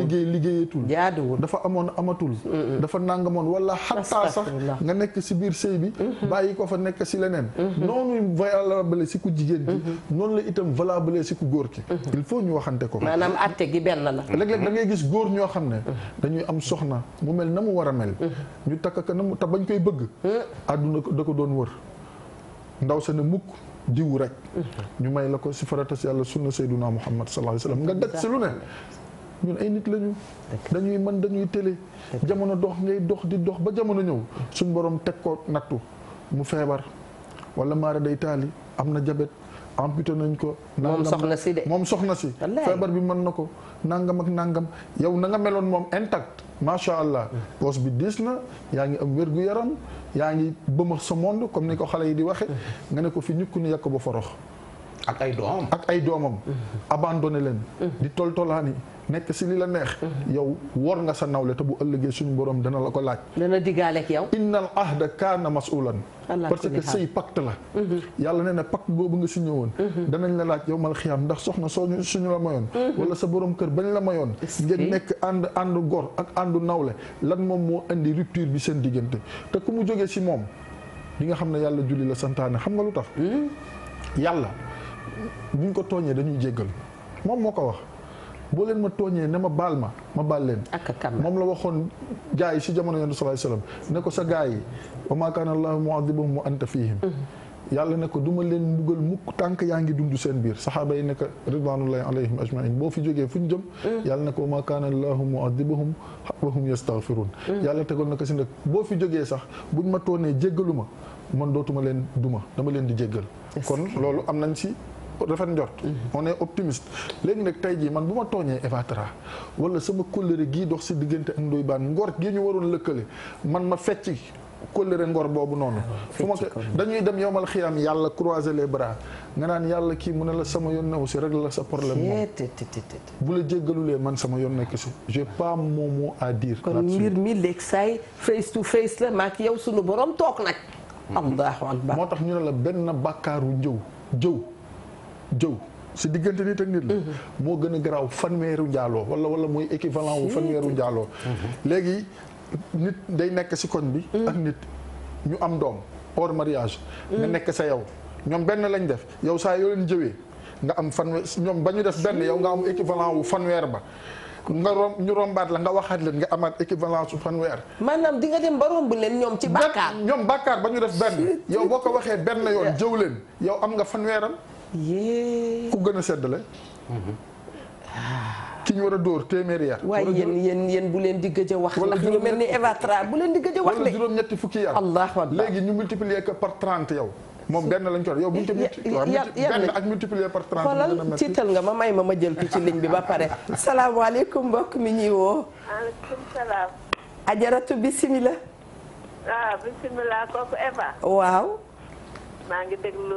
liggéey liggéeyatul jaaduwul dafa amoon amatul dafa nangamoon wala xattaa sax nga nekk si biir sëy bi mm-hmm. bàyyi ko fa nekk si leneen mm-hmm. noonu valable si ku jigéen ki mm-hmm. noonu la itam valable si ku góor ki il faut ñu waxante ko maanaam atte gi benn la léeg-léeg da ngay gis góor ñoo xam ne dañuy am soxna mu mel na mu war a mel ñu takk ka na mu te bañ koy bëgg àdduna da ko doon wër ndaw sa ne mukk diw rek. ñu may la ko si faratas yàlla sunna sayyiduna Muhammad sallallahu alayhi wasallam nga daj si lu ne. ñun ay nit lañu dañuy man dañuy télé jamono dox ngay dox di dox ba jamono ñëw suñ borom teg ko nattu mu feebar wala maara day taali am na jabet amputé nañ ko moom soxna si de moom soxna si feebar bi mën na ko nangam ak nangam yow na meloon moom intact macha allah poos bi diis na yaa ngi am wér gu yaram yaa ngi bëmax sa monde comme ni ko xale yi di waxe nga ne ko fi ñukku ni yàkk ba forox ak ay doomam ak ay doomam abandonné leen di toltolaani nekk si li la neex yow wor nga sa nawle te bu ëllëgee suñu borom dana la ko laaj dana diggaale ak yow innal ahda kaana masulan parce que sëy pacte la yàlla nee na pacte boobu nga si ñëwoon danañ la laaj yow mal xiyaam ndax soxna soo suñu la mayoon wala sa boroom kër ba bañ la mayoon ngeen nekk ànd àndu gor ak àndu nawle lan moom moo indi rupture bi seen diggante te ku mu jógee si moom di nga xam ne yàlla julli la santaane xam nga lu tax hmm? yàlla bu buñ ko tooñee dañuy jéggal moom moo ko wax boo leen ma tooñee ne ma baal ma ma baal leen moom la waxoon gars yi si jamono yonent sallallahu alayhi wasallam ne ko sa gaa yi wa ma kaana allahu mu'adhibuhum wa anta fihim mhm. yàlla ne ko du ma leen mbugal mukk tànk yaa ngi dund seen biir saxaaba yi ne ko ridwanullahi alayhim ajmain boo fi jógee fu ñu jëm mhm. yàlla ne ko ma kaana allahu mu'adhibuhum wa hum yastaghfirun mhm. yàlla tegal na ko si nag boo fi jógee sax buñ ma toonee jéggalu ma man dootuma leen duma dama leen di jéggal kon loolu am si rafet njort. Mhm. on est optimiste léegi nag tey jii man bu ma tooñee Evatra wala sama kóllëre gii dox si diggante ak Ndoye Bane ngor gi ñu waroon lëkkale man ma fecci kóllëre ngor boobu noonu. su ah, ma ko dañuy dem yomal xiyaam yàlla croiser les baraa nga naan yàlla kii mu ne la sama yoon newu si rek la sa problème moom. bu la jéggalulee man sama yoon nekk si. j'ai pas mon mot à dire. kon mbir mi léegi saay face to face la maak yow sunu borom toog nag. Mm-hmm. allahu akbar moo tax ñu ne la benn bàkkaaru njëw jëw. jëw si diggante nit ak nit la. Mm-hmm. moo gën a garaaw fanweeru njaaloo wala wala mooy équivalent wu fanweeru njaaloo. Mm-hmm. léegi nit day nekk si koñ bi. Mm-hmm. nit ñu am doom hors mariage. nga nekk sa yow ñoom benn lañ def yow saa yoo leen nga am fanweer ñoom ba ñu def benn yow nga am équivalent wu fanweer ba. nga rom ñu rombaat la nga waxaat leen nga amaat équivalent su fanweer. maanaam di nga dem ba romb leen ñoom ci bàkkaar. ñoom bàkkaar ba ñu def benn. yow boo ko waxee benn yoon jëw leen yow am nga fanweeram. yee. ku gën a seddale. Mhm. Ah. ki ñu war a dóor téeméeri yar. waaye yéen yéen bu leen di gëj a wax. ndax ñu mel ni Eva Tra bu leen di gëj wax de. wala juróom-ñetti fukki yar. allah léegi ñu multiplier ko par 30 yow. moom benn lañ coono yow bu ñu benn ak multiplier par nga ma may ma ma jël ko ci ligne bi ba pare. salaamaaleykum mbokk mi ñuy woo. maaleykum salaam. ajaratu ah, waaw maa ngi déglu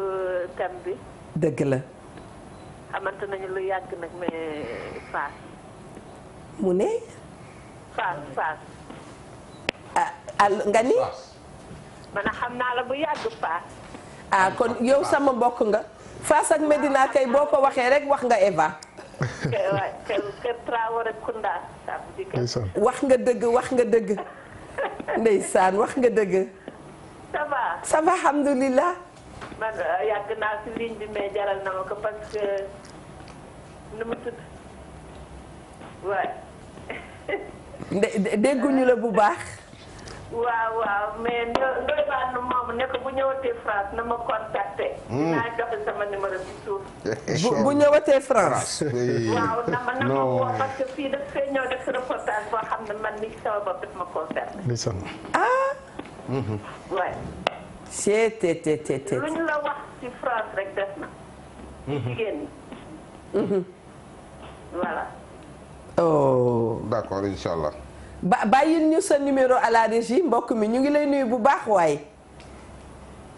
thème bi. dëgg la. xamante nañu lu yàgg nag mais Fass. mu ne. Fass Fass. ah nga ni. man xam naa la bu yàgg Fass. ah kon yow sama mbokk nga. Fass ak Medina kay boo ko waxee rek wax nga Eva. wax nga dëgg wax nga dëgg. ndeysaan wax nga dëgg. ça va. ça va alhamdulilah. man euh, yàgg naa si ligne bi mais jaral na ma ko parce que nu mu tudd waay. dégguñu la bu baax. waaw waaw mais Ndoye Bane moom na ma contacté. bu ñëwatee France. na ma hmm. na ma woo parce que fii daf fee boo xam ne man mii sama bopp daf ma concerné. ah. waay. seet teet teet teet teet. lu ñu la wax ci France rek def na. Mhm. jigéen ñi. Mhm. voilà. oh. d' accord incha ba bàyyil ñu sa numéro à la régie mbokk mi ñu ngi lay nuyu bu baax waaye.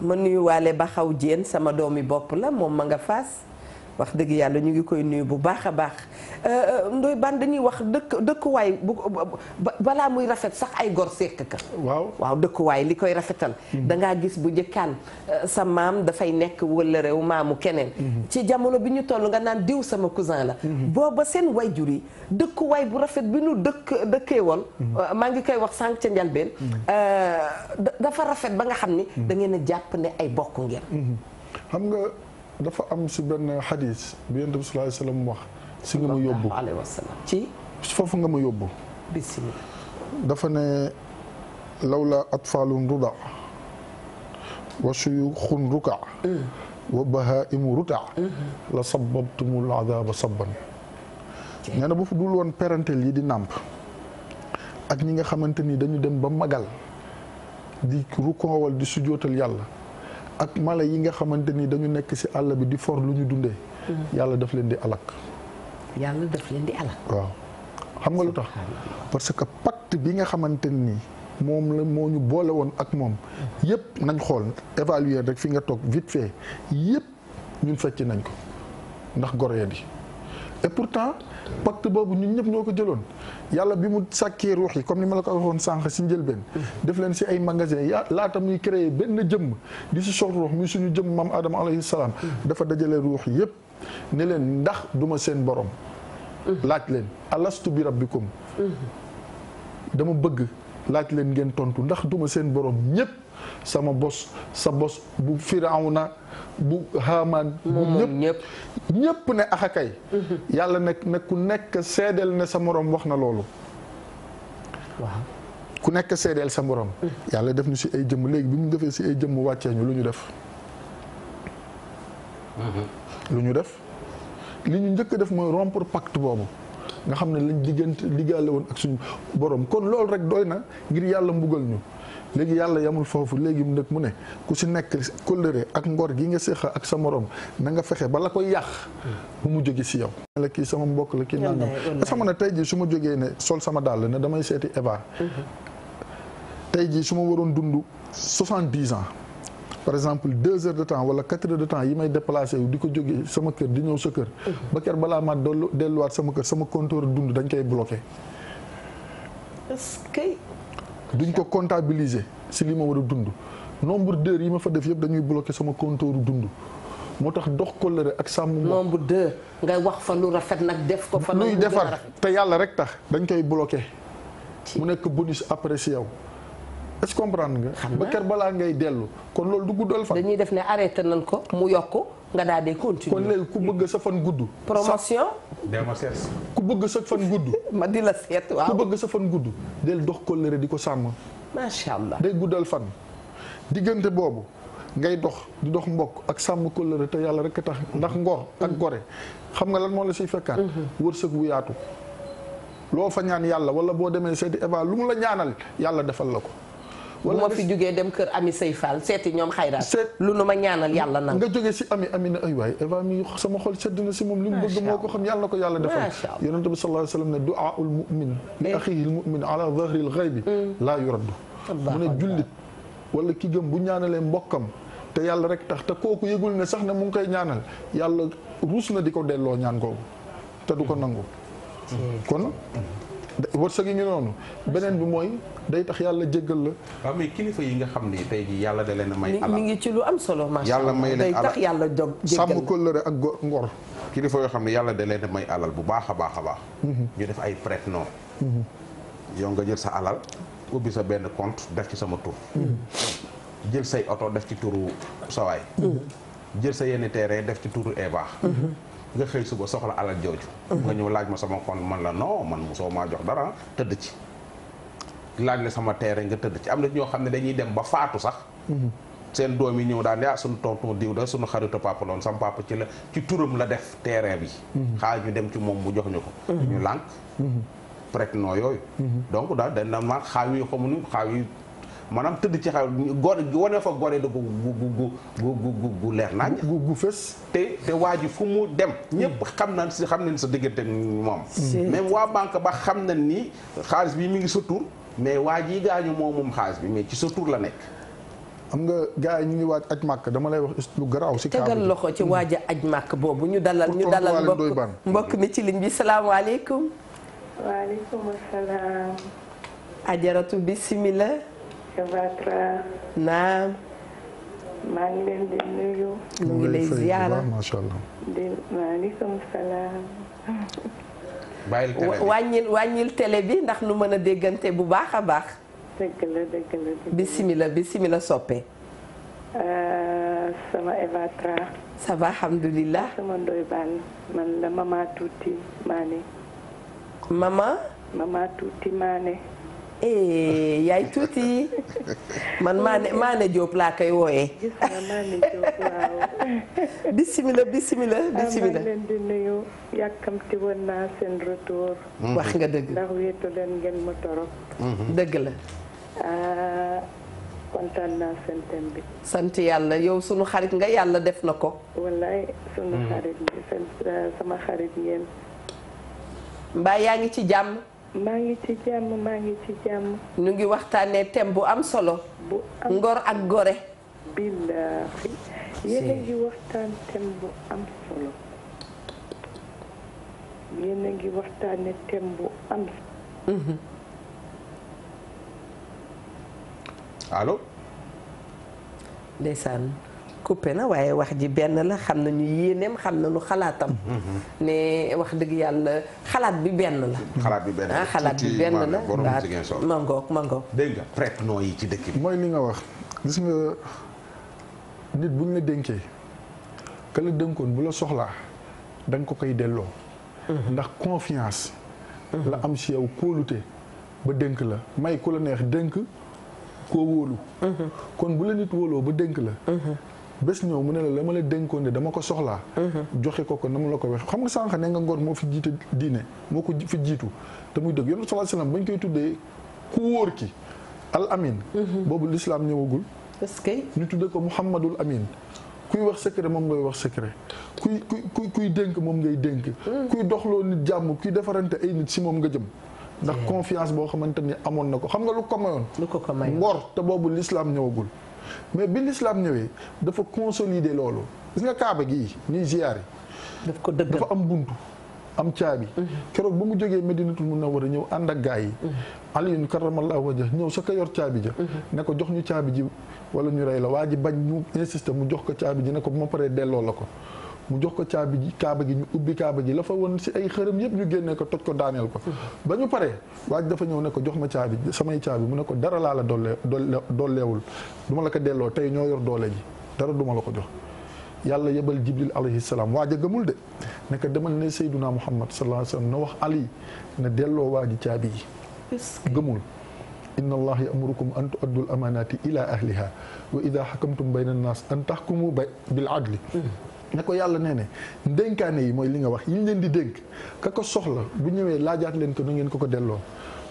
ma nuyuwaale ba xaw jéen sama doomi bopp la moom ma nga fas wax dëgg yàlla ñu ngi koy nuyu bu baax a baax euh, euh, Ndoye Bane dañuy wax dëkk dëkkuwaay bu balaa muy rafet sax ay gor sekk ka waaw waaw dëkkuwaay li koy rafetal hmm. dangaa gis bu jëkkaan euh, sa maam dafay nekk wala réew maamu keneen hmm. ci jamono bi ñu toll nga naan diw sama cousin la hmm. booba seen wayjur yi dëkkuwaay bu rafet bi ñu dëkk dëkkee woon maa ngi koy wax sànq ca njalbeen dafa rafet ba nga xam ni da ngeen a jàpp ne ay bokk ngeen dafa am si benn xadis bi yonent bi sallallahu alayhi wa sallam wax si nga ma yóbbu ci foofu nga ma yóbbu dafa ne lawla atfaalun ruda wa suyuxun ruka wa bahaimu ruta la sababtumul adaba sabban nee na bu fu dul woon parentel di nàmp ak ñi nga xamante ni dañu dem ba magal di rukoowal di sujootal yàlla ak mala yi nga xamante ni dañu nekk ci àll bi di for lu ñu dundee. Mm-hmm. yàlla daf leen di alak. yàlla daf leen di waaw xam nga lu tax parce que pacte bi nga xamante nii moom la moo ñu boole woon ak moom mm-hmm. yëpp nañ xool évaluer rek fi nga toog vite fait yëpp ñun fecc nañ ko ndax goree di et pourtant pacte boobu ñun ñëpp ñoo ko jëloon yàlla bi mu sàkkee ruux yi comme ni ma la ko waxoon sànq si njëlbeen. def leen si ay magasin ya laata muy créer benn jëmm di si sox ruux muy suñu jëmm maam Adama alayhi salaam. dafa dajale ruux yëpp ne leen ndax duma seen borom. laaj leen alastu bi rabbikum mmh. dama bëgg laaj leen ngeen tontu ndax duma seen borom ñëpp. sama bos sa bos bu firawna bu haamaan ñépp ñëpp ne ax mhm. yàlla nag ne ku nekk seedeel ne sa moroom wax na loolu waaw ku nekk seedeel sa moroom mm. yàlla def ñu si ay jëmm léegi bi mu defee si ay jëmm wàccee ñu lu ñu def mhm. lu ñu def li ñu njëkk def mooy rompre pacte boobu nga xam ne lañ diggante liggaale woon ak suñu borom kon loolu rek doy na ngir yàlla mbugal ñu léegi yàlla yamul foofu léegi nag mu ne ku si nekk kóllëre ak ngor gi nga séqa ak sa morom na nga fexe ba la ko yàq bu mu jóge si yow la kii sama mbokk la kii nangam a tey su ma jógee ne sol sama dàll ne damay seeti Eva tey jii su ma waroon dund soixante-dix ans par exemple deux de temps wala quatre heures de temps yi may déplacé wu di ko jógee sama kër di ñëw sa kër ba kër balaa ma delluwaat sama kër sama compteur dund dañ koy bloqué duñ ko comptabiliser si li ma war a dund nombre d'heures yi ma fa def yëpp dañuy bloqué sama compteur dund moo tax dox kóllëre ak sàmm nombre d'heures ngay wax fa lu rafet nag def ko fa luy defar te yàlla rek tax dañ koy bloqué mu nekk bonus après si yow est-ce comprendre nga ba kër balaa ngay dellu kon loolu du guddal fan dañuy def ne arrêté nañ ko mu yokk nga daal di continuer kon léegi ku bëgg sa fan gudd. promotion. dama ku bëgg sa fan gudd. ma di la seet waaw ku bëgg sa fan gudd. del dox kóllëre di ko sàmm. macha allah day guddal fan. diggante boobu ngay dox di dox mbokk ak sàmm kóllëre te yàlla rek tax ndax ngor ak gore xam nga lan moo la siy fekkaat. Mm-hmm. wërsëg bu yaatu. loo fa ñaan yàlla wala boo demee seeti Eva lu mu la ñaanal yàlla defal la ko. bu ma fi jógee dem kër ami say Fall seeti ñoom xayraat lu nu ma ñaanal yàlla na nga jógee si ami amina ay waay Eva mi sama xol sedd na si moom li mu bëgg moo ko xam yàlla na ko yàlla defal yonente bi sallallahu alayhi wa sallam ne du'aaul mu'min li eh. axiihi al-mu'min ala zahril ghaybi mm. laa yuraddu mu ne jullit wala ki gëm bu ñaanalee mbokkam te yàlla rek tax te kooku yëgul ne sax ne mu ngi koy ñaanal yàlla ruus na di ko delloo ñaan googu te du ko nangu mm. kon wërsëg yi ngi noonu beneen bi mooy day tax yàlla jéggal la. waaw mais kilifa yi nga xam ni tey jii yàlla de leen a may. alal mi ngi ci lu am solo macha allah may leen alal yàlla jog jéggal sàmm ak ngor. kilifa yoo xam ne yàlla da leen a may alal bu baax a baax baax. Mm-hmm. ñu def ay prête non. Mm-hmm. jël sa alal ubbi sa benn compte def ci sama tur. Mm-hmm. jël say oto def ci turu sawaay jël sa yenn terrain def ci turu ee baax nga xëy suba soxla alal jooju nga ñëw laaj ma sama compte man la noo man mosoo maa jox dara tëdd ci laaj la sama terrain nga tëdd ci am na ñoo xam ne dañuy dem ba faatu sax. Mhm. seen doom yi ñëw daan ne suñu ah, sunu tonton diw da suñu xaritu papa loon sam papa ci la ci turam la def terrain bi. Mhm. xaar ñu dem ci moom mu jox ñu ko. Mhm. ñu lànk. prête noo yooyu. donc daal dañ naan xaaw yi xamuñu xaaw yi maanaam tëdd ci xaw gore wane fa gore da gu gu gu gu gu leer nañ. gu gu fës. te te waa ji fu mu dem. ñëpp xam na si xam nañ sa diggante moom. même waa banque ba xam nañ ni xaalis bii mi ngi sa tur. mais waa jii gaañu moo moom xaalis bi mais ci sa la nekk. xam nga gars yi waaj aj màkk dama lay wax lu garaaw si tegal loxo ci waaj a aj màkk boobu ñu dalal ñu dalal mbokk mbokk mi ci ligne bi salaamaaleykum waaleykum asalaam ajaratu bisimila cavatra naam maa ngi leen di nuyu ñu ngi lay ziyaara macha allah wàññil wàññil télé bi ndax nu mën a déggante bu baax a baax dëgg la dëgg la bisimila bisimila soppe euh, sama Eva Tra ça sama ndoy baan man la mama tuuti maane mama mama tuuti maane Eh, yaay tuuti man maane maane Diop laa koy wooyee. gis nga maane Diop waaw. bisimilah bisimilah bisimilah. maa leen yàkkamti woon naa seen mm-hmm. wax nga dëgg. ndax wéetu leen mm-hmm. dëgg la. Ah, kontaan naa seen bi. sant yàlla yow sunu xarit nga yàlla def na ko. wallaay sunu mm-hmm. xarit seen eh, sama xarit ngeen. mbaa yaa ngi ci jàmm. maa ngi ci jàmm maa ngi ci jàmm. ñu ngi waxtaanee thème bu am solo. bu am ngor ak gore. billaahi yéen a ngi waxtaan thème bu am solo. yéen ngi waxtaanee thème bu am. Mhm. allo. ndeysaan. coupé na waaye wax ji benn la xam na nañu yéeneem xam nañu xalaatam. Mhm. ne wax dëgg yàlla xalaat bi benn la. xalaat bi benn la ah, xalaat bi benn la waaw mangoog yi ci dëkk bi. mooy nga wax gis nga la dénkee ka la bu la soxlaa da ko koy delloo. Mhm. ndax confiance. Mhm. am si yow la may ku la neex dénk koo wóolu. kon bu la nit wóoloo ba dénk la. bés ñëw mu ne la la la dénkoon ne dama ko soxlaa mm-hmm. joxe ko ko na ma la ko waxee xam nga sànq ne nga ngor moo fi jiite diine moo ko fi jiitu te muy dëgg yonent sallallahu alayhi wasallam bañ koy tuddee ku wóor ki al amin mm-hmm. boobu lislaam ñëwagul parce que ñu tuddee ko muhammadul amin kuy wax secret moom ngay wax secret kuy kuy kuy dénk moom ngay dénk mm. kuy doxloo nit jàmm kuy defarante ay nit si moom nga jëm ndax confiance boo xamante ni amoon na ko xam nga lu ko mayoon lu ko ko mayoon ngor te boobu lislaam ñëwagul mais bi lislaam ñëwee dafa consolider loolu gis nga kaaba gii ñuy ziyaar yi ko dëgg dafa am buntu am caabi mhm. keroog ba mu jógee Medinatul a ñëw ànd ak gaa yi mhm. Aliyun karamallahu wajhah ñëw sa ko yor caabi ja mhm. ne ko jox ñu caabi ji wala ñu rey la waa ji bañ ñu insisté mu jox ko caabi ji ne ko bu ma paree delloo la ko mu jox ko caabi ji kaaba gi ñu ubbi kaaba ji la fa woon si ay xërëm yëpp ñu génne ko toj ko daaneel ko ba ñu pare waaj dafa ñëw ne ko jox ma caabi samay caabi mu ne ko dara laala la dolle dolleewul du ma la ko delloo tey ñoo yor doole ji dara duma ma la ko jox yàlla yebal jibril alayhi salaam waaj a gëmul de ne ko demal ne sayduna muhammad sallallahu alayhi wasallam na wax ali na delloo waa ji caabi yi gëmul inna allah ya'murukum an tu'addu al amanati ila ahliha wa ida xakamtum bayna an nas an taxkumu bil adli hmm. ne ko yàlla nee ne ndénkaane yi mooy li nga wax yi ñu leen di dénk ka ko soxla bu ñëwee laajaat leen ko nu ngeen ko ko delloo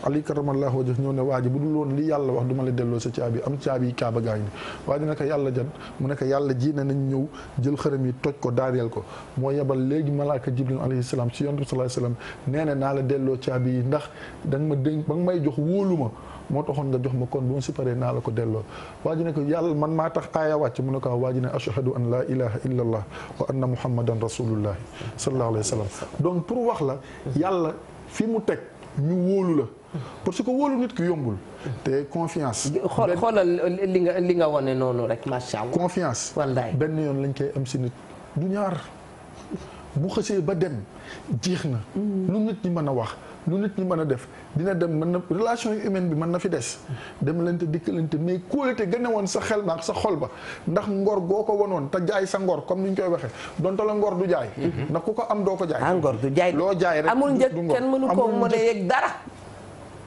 ali karamallahu wajh ñëw ne waa ji bu dul woon li yàlla wax du ma la delloo sa caabi am caabi yi kaaba gaa ngi ni waa ji yàlla jan mu naka yàlla ji ne nañ ñëw jël xërëm yi toj ko daaneel ko moo yebal léegi malaaka jibril alayhi salaam ci yonent bi sallallahu alayhi wasallam nee na naa la delloo caabi yi ndax da nga ma dénk ba may jox wóolu ma moo taxoon nga jox ma kon bu ma si naa la ko delloo waa ji ne ko yàlla man maa tax aaya wàcc mu ne ko waa ji ne ashhadu an laa ilaha illa allah wa anna muhammadan rasulullahi sallallahu alayhi wa sallam donc pour wax la yàlla fi mu teg ñu wóolu la parce que wóolu nit ki yombul te confiance xoolal li nga li nga wane noonu rek macha allah confiance wallaay benn yoon lañ koy am si nit du ñaar bu xësee ba dem jeex na mm. lu nit ñi mën a wax lu nit ñi mën a def dina dem mën na relation humaine bi mën na fi des dem lante dikkalante mais kóolute gën a woon sa xel naa sa xol ba ndax ngor goo ko wonoon te jaay sa ngor comme ni ñu koy waxee donte la ngor du jaay mhm. ndax ku ko am doo ko jaay ah ngor loo jaay rek amul njëg kenn mënu koo mën a yegg dara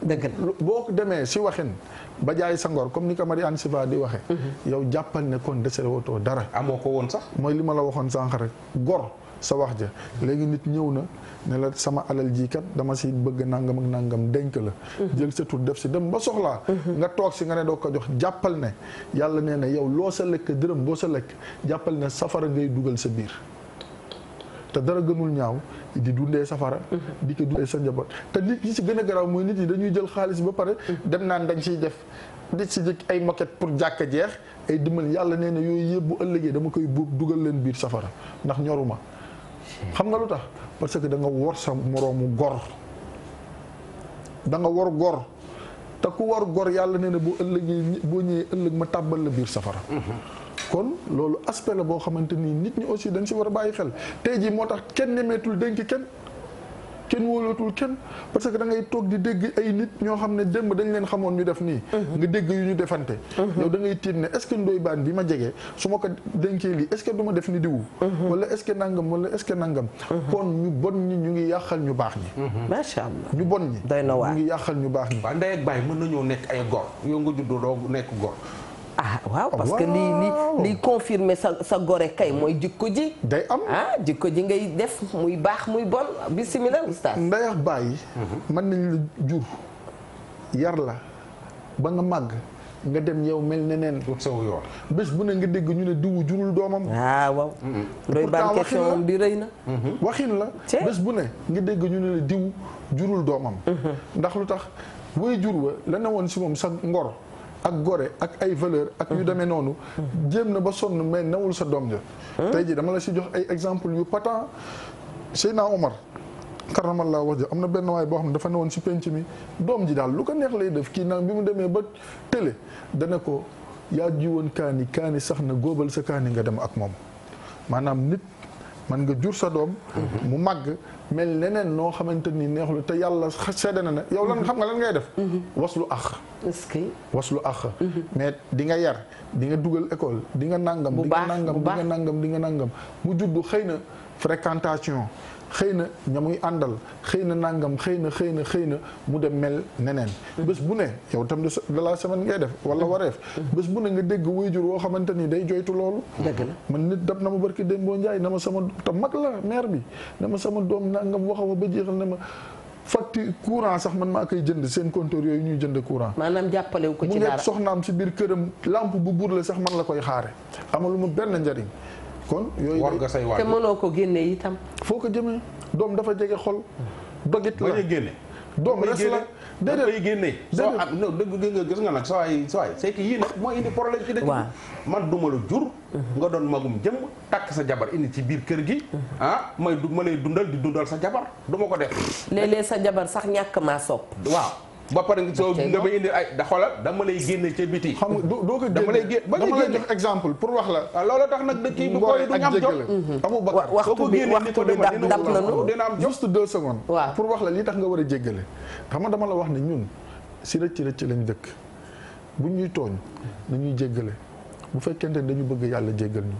dëgg boo ko demee si waxin ba jaay sa ngor comme ni ko Marianne Siva di waxee mhm. yow jàppal ne kon desere wootoo dara amoo ko woon sax mooy li ma la waxoon sànq rek gor sa wax ja léegi nit ñëw na ne la sama alal jii kat dama si bëgg nangam ak nangam denk la mhm. jël sa tur def si dem ba soxlaa mhm. nga toog si nga ne doo ko jox jàppal ne yàlla nee na yow loo sa lekk dërëm boo sa lekk jàppal ne safara ngay dugal sa biir te dara gënul ñaaw di dundee safara mhm. di ko sa njaboot te si gën a mooy nit yi dañuy jël xaalis ba pare dem naan dañ siy def di si ay moquette pour jàkka jeex ay dimbal yàlla nee na yooyu yëpp ëllëgee dama koy buub dugal leen biir safara ndax ñoruma xam nga lu tax parce que da nga war sa moroomu gor danga war gor te ku war gor yàlla nee na bu ëllëgee boo ñëwee ëllëg ma tàbbal la biir safara mhm. kon loolu aspect la boo xamante nii nit ñi aussi dañ si war a bàyyi xel tey jii moo tax kenn ñemeetul dénk kenn kenn wóolootul kenn parce que da ngay toog di dégg ay nit ñoo xam ne démb dañ leen xamoon ñu def nii mhm. nga dégg yu ñu defante mhm. yow da ngay tiit ne est-ce que ndoy baan bi ma jegee su ma ko dénkee lii est-ce que du def ni diwu mhm. wala est-ce que nangam wala est-ce nangam kon ñu bon ñi ñu ngi yàqal ñu baax ñi macha ñu bon ñi doy na ñu ngi yàqal ñu baax ñi waaw ndey ak baay mën nañoo nekk ay góor yow nga juddoo doo nekk góor ah waaw parce que li li liy confirmer sa sa gore kay mooy jikko ji. day am ah jikko ji ngay def muy baax muy bon bisimilah oustaz. ndeyax bàyyi. mën nañ la jur yar la ba nga màgg. nga dem yow mel ne neen. bés bu ne nga dégg ñu ne diwu jurul doomam. ah waaw. doy mm-hmm. baan question la mm-hmm. bés bu ne nga dégg ñu ne diwu jurul doomam. Mm-hmm. ndax lu tax way jur wa la ne woon si moom sa ngor. ak gore ak ay valeur ak yu demee noonu jéem na ba sonn mais nawul sa doom ja tey ji dama la si jox ay exemple yu patent Seyna Omar karamallah wax ja am na benn waay boo xam ne dafa newoon si penc mi doom ji daal lu ko neex lay def kii nag bi mu demee ba télé dana ko yaa ji woon kaani kaani sax na góobal sa kaani nga dem ak moom maanaam nit man nga jur sa doom mhm. mu màgg mel leneen noo xamante ni neexul te yàlla sedda na ne yow lan mhm. xam nga lan ngay def mhm. waslu ax waslu ax mais di nga yar di nga dugal école di nga nàngam di nga nàngam di nàngam di nga nàngam mu juddu xëy na fréquentation xëy na ña muy àndal xëy na nàngam xëy na xëy na xëy na mu dem mel neneen bés bu ne yow tam de la semaine ngay def wala wareef bés bu ne nga dégg wayjur woo xamante ni day joytu loolu man nit dab na ma barki Dembo Njaay na ma sama te mag la maire bi na ma sama doom nangam waxawa ba jeexal na ma facture courant sax man maa koy jënd seen compteur yooyu ñuy jënd courant. maanaam jàppalewu ko ci dara mu ngi soxnaam si biir këram làmp bu buur la sax man la koy xaare amalu mu benn njariñ kon yooyu war nga say waajur te mënoo ko génne itam. foo ko jëmee doom dafa jege xol. dogit la bañ génne. doom res la génne soo am non gis nga nag saa yi saa yi c'est que yii ci dëkk bi man duma la jur mhm. nga doon magum jëm takk sa jabar indi ci biir kër gi mhm. ah may du ma lay dundal di dundal sa jabar duma ko def léeg-léeg sa jabar sax ñàkk maa sopp waaw ba pare soo nga may indi ay da xoolal dama lay génne ca biti. xam nga doo ko dama lay génne dama lay jox exemple pour wax la. waaw ah, loolu tax nag dëkk yi du koy du ñam jot. amu bakkan waxtu bi waxtu bi dab dab nañu dina am juste wax la li tax nga war a jéggale. xam nga dama la wax ne ñun si rëcc rëcc lañ ñuy tooñ bu fekkente ne dañu bëgg yàlla jéggal ñu.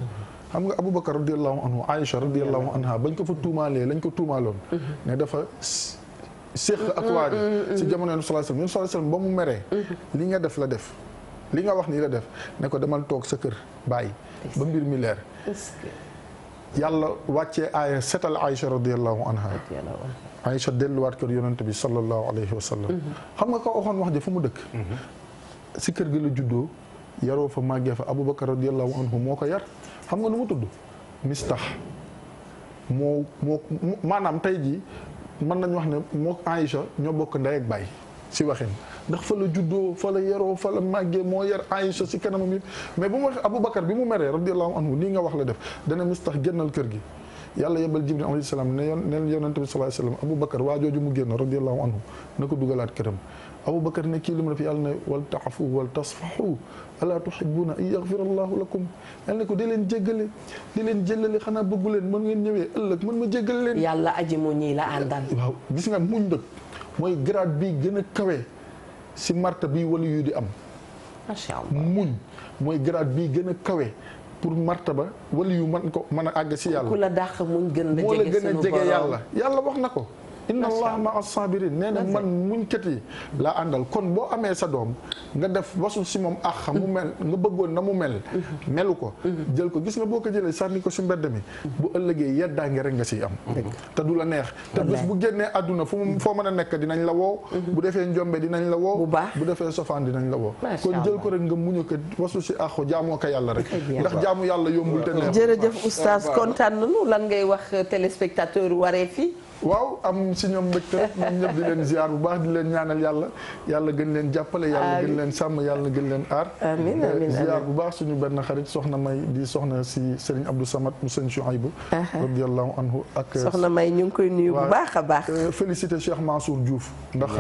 xam nga Aboubacar radiyallahu anhu Aïcha radiyallahu anha bañ ko fa tuumaalee lañ ko tuumaaloon. Mhm. ne dafa. séq mm, ak waa mm, mm, jamono yoonu sallallahu alayhi wasallam ba mu meree li nga def la def li nga wax nii la def ne ko demal toog sa kër bàyyi ba mbir mi leer yàlla wàccee aaya setal Aïcha radiyallahu anha Aïcha delluwaat kër yonent bi sallallahu alayhi wa sallam mm-hmm. xam nga ko waxoon wax ja fu mu dëkk mm-hmm. si kër gi la juddoo yaroo fa màggee fa Aboubacar radiyallahu anhu moo ko yar xam nga nu mu tudd mistax moo moo maanaam tey jii mën nañ wax ne mook Aïcha ñoo bokk ndey ak baay si waxin ndax fa la juddoo fa la yaroo fa la màggee moo yar Aïcha si kanamam yëpp mais bu mu waxee Aboubacar bi mu meree radiyallahu anhu nii nga wax la def dana mis tax génnal kër gi yàlla yebal jibril alayhi salaam ne yoon ne yonente bi sallallahu alayhi wasallam Aboubacar waa jooju mu génn radiyallahu anhu na ko dugalaat këram Aboubacar ne kii li mu def yàlla ne wal taafu wal tasfaxu alaa tuhibuuna an yaxfira allahu lakum yàlla ne ko di leen jéggale di leen jéllale xanaa bëggu leen mën ngeen ñëwee ëllëg mën ma jéggale leen. yàlla aji mu ñii la àndal. waaw gis nga muñ nag mooy grade bi gën a kawe si marta bi wala yu di am. macha allah muñ mooy grade bi gën a kawe. pour martaba wala yu mën ko mën a àgg si yàlla. ku la dàq muñ gën la jege sunu borom moo la gën a jege yàlla yàlla wax na ko. inna allaha ma as-sabirin nee na man muñkat yi laa àndal kon boo amee sa doom nga def wasu si moom ax mu mm-hmm. mel nga bëggoon na mu mel mm-hmm. melu ko mm-hmm. jël ko gis nga boo ko jëlee sànni ko si mbedd mi bu ëllëgee yeddaange rek nga si am te du la neex te bés bu génnee àdduna fu mu foo mën a nekk dinañ la woo bu defee njombe dinañ la woo bu defee sofaan dinañ la woo kon jël ko rek nga muñu ko wasu si axu jaamoo ko yàlla rek ndax jaamu yàlla yombul de neex jërëjëf oustaz kontaan nanu lan ngay wax téléspectateur waree fi waaw am si ñoom mbégte rek ñoom ñëpp di leen ziar bu baax di leen ñaanal yàlla yàlla gën leen jàppale yàlla gën leen sàmm yàlla gën leen aar amiin amiin ziar bu baax suñu benn xarit soxna may di soxna si Serigne Abdou Samad mu sëñ Chouaïbou radiallahu anhu ak soxna may ñu ngi koy nuyu bu baax a baax euh, félicité Cheikh Mansour Diouf ndax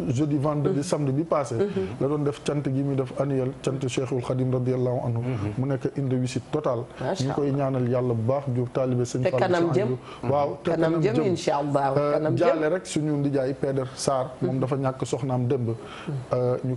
jeudi vendredi mhm. samedi bi passé mhm. la doon def cant gi muy def annuel cant Cheikhul Khadim radiyallahu anhu mhm. mu nekk une réussite totale ñu koy ñaanal yàlla bu baax ju taalibe sëñ Fall kanam jëm waaw te kanam jëm inshallah euh, kanam jëm jaale rek suñu ndijaay Peder Sarr moom dafa ñàkk soxnaam démb euh, ñu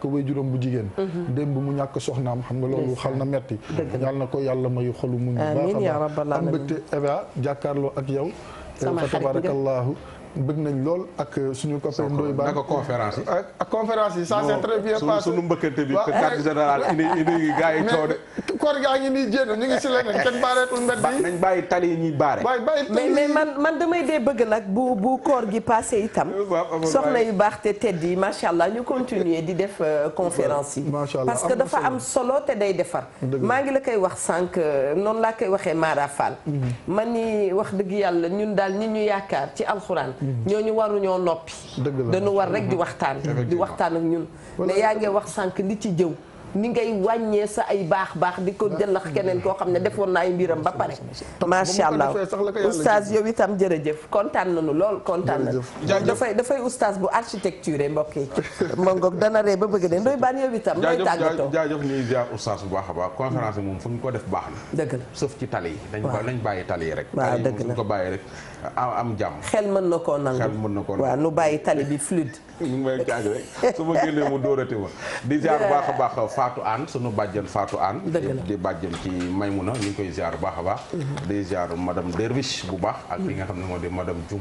koy juróom bu jigéen démb mu ñàkk soxnaam xam nga loolu xal na metti yàlla na ko yàlla may xolu muñ bu baax am mbégte Eva jàkkaarloo ak yow yow. sama xarit nga fa tabarakallahu bëgg nañ lool ak euh, suñu copain Ndoye Ba naka conférence yi ak ah, conférence yi ça suñu mbëkkante bi carte générale indi indi gars yi coow de nañ bàyyi tali yi ñuy baare mais mais man man damay dee bëgg nag bu bu koor gi passé itam soxna yu baax te tedd yi macha allah ñu continuer di def euh, conférence yi parce que dafa am solo te day defar maa ngi la koy wax sànq euh, noonu laa koy waxee Mara mm-hmm. man ni wax dëgg yàlla ñun daal ñi ñu yaakaar ci alxuraan ñoo ñooñu waruñoo noppi danu war rek di waxtaan di waxtaan ak ñun mais yaa ngi wax sànq li ci jëw ni ngay wàññee sa ay baax baax di ko jëllax keneen koo xam ne defoon na ay mbiram ba pare macha allah oustaz yow itam jërëjëf kontaan nañu lool kontaan nañu dafay dafay oustaz bu architecture mbokk yi mongoog dana ree ba bëgg de ndoy baan yow itam nooy tàggatoo jaajëf ñuy ziar oustaz bu baax a baax conférence moom fu ñu ko def baax na dëgg la sauf ci tali yi dañ ko nañ bàyyi tali yi rek waaw dëgg la ko bàyyi am jàmm xel mën na koo nangu xel mën na koo nangu nu bàyyi tali bi fluide ñu ngi may caag rek su ma génnee mu dóorati ma di ziar baax a baax an Anne sunu bàjjen Fatou Anne di bàjjen ci na ñu ngi koy ziar baax a baax mm-hmm. di ziar madame Derviche bu baax ak li nga xam ne moo di madame jum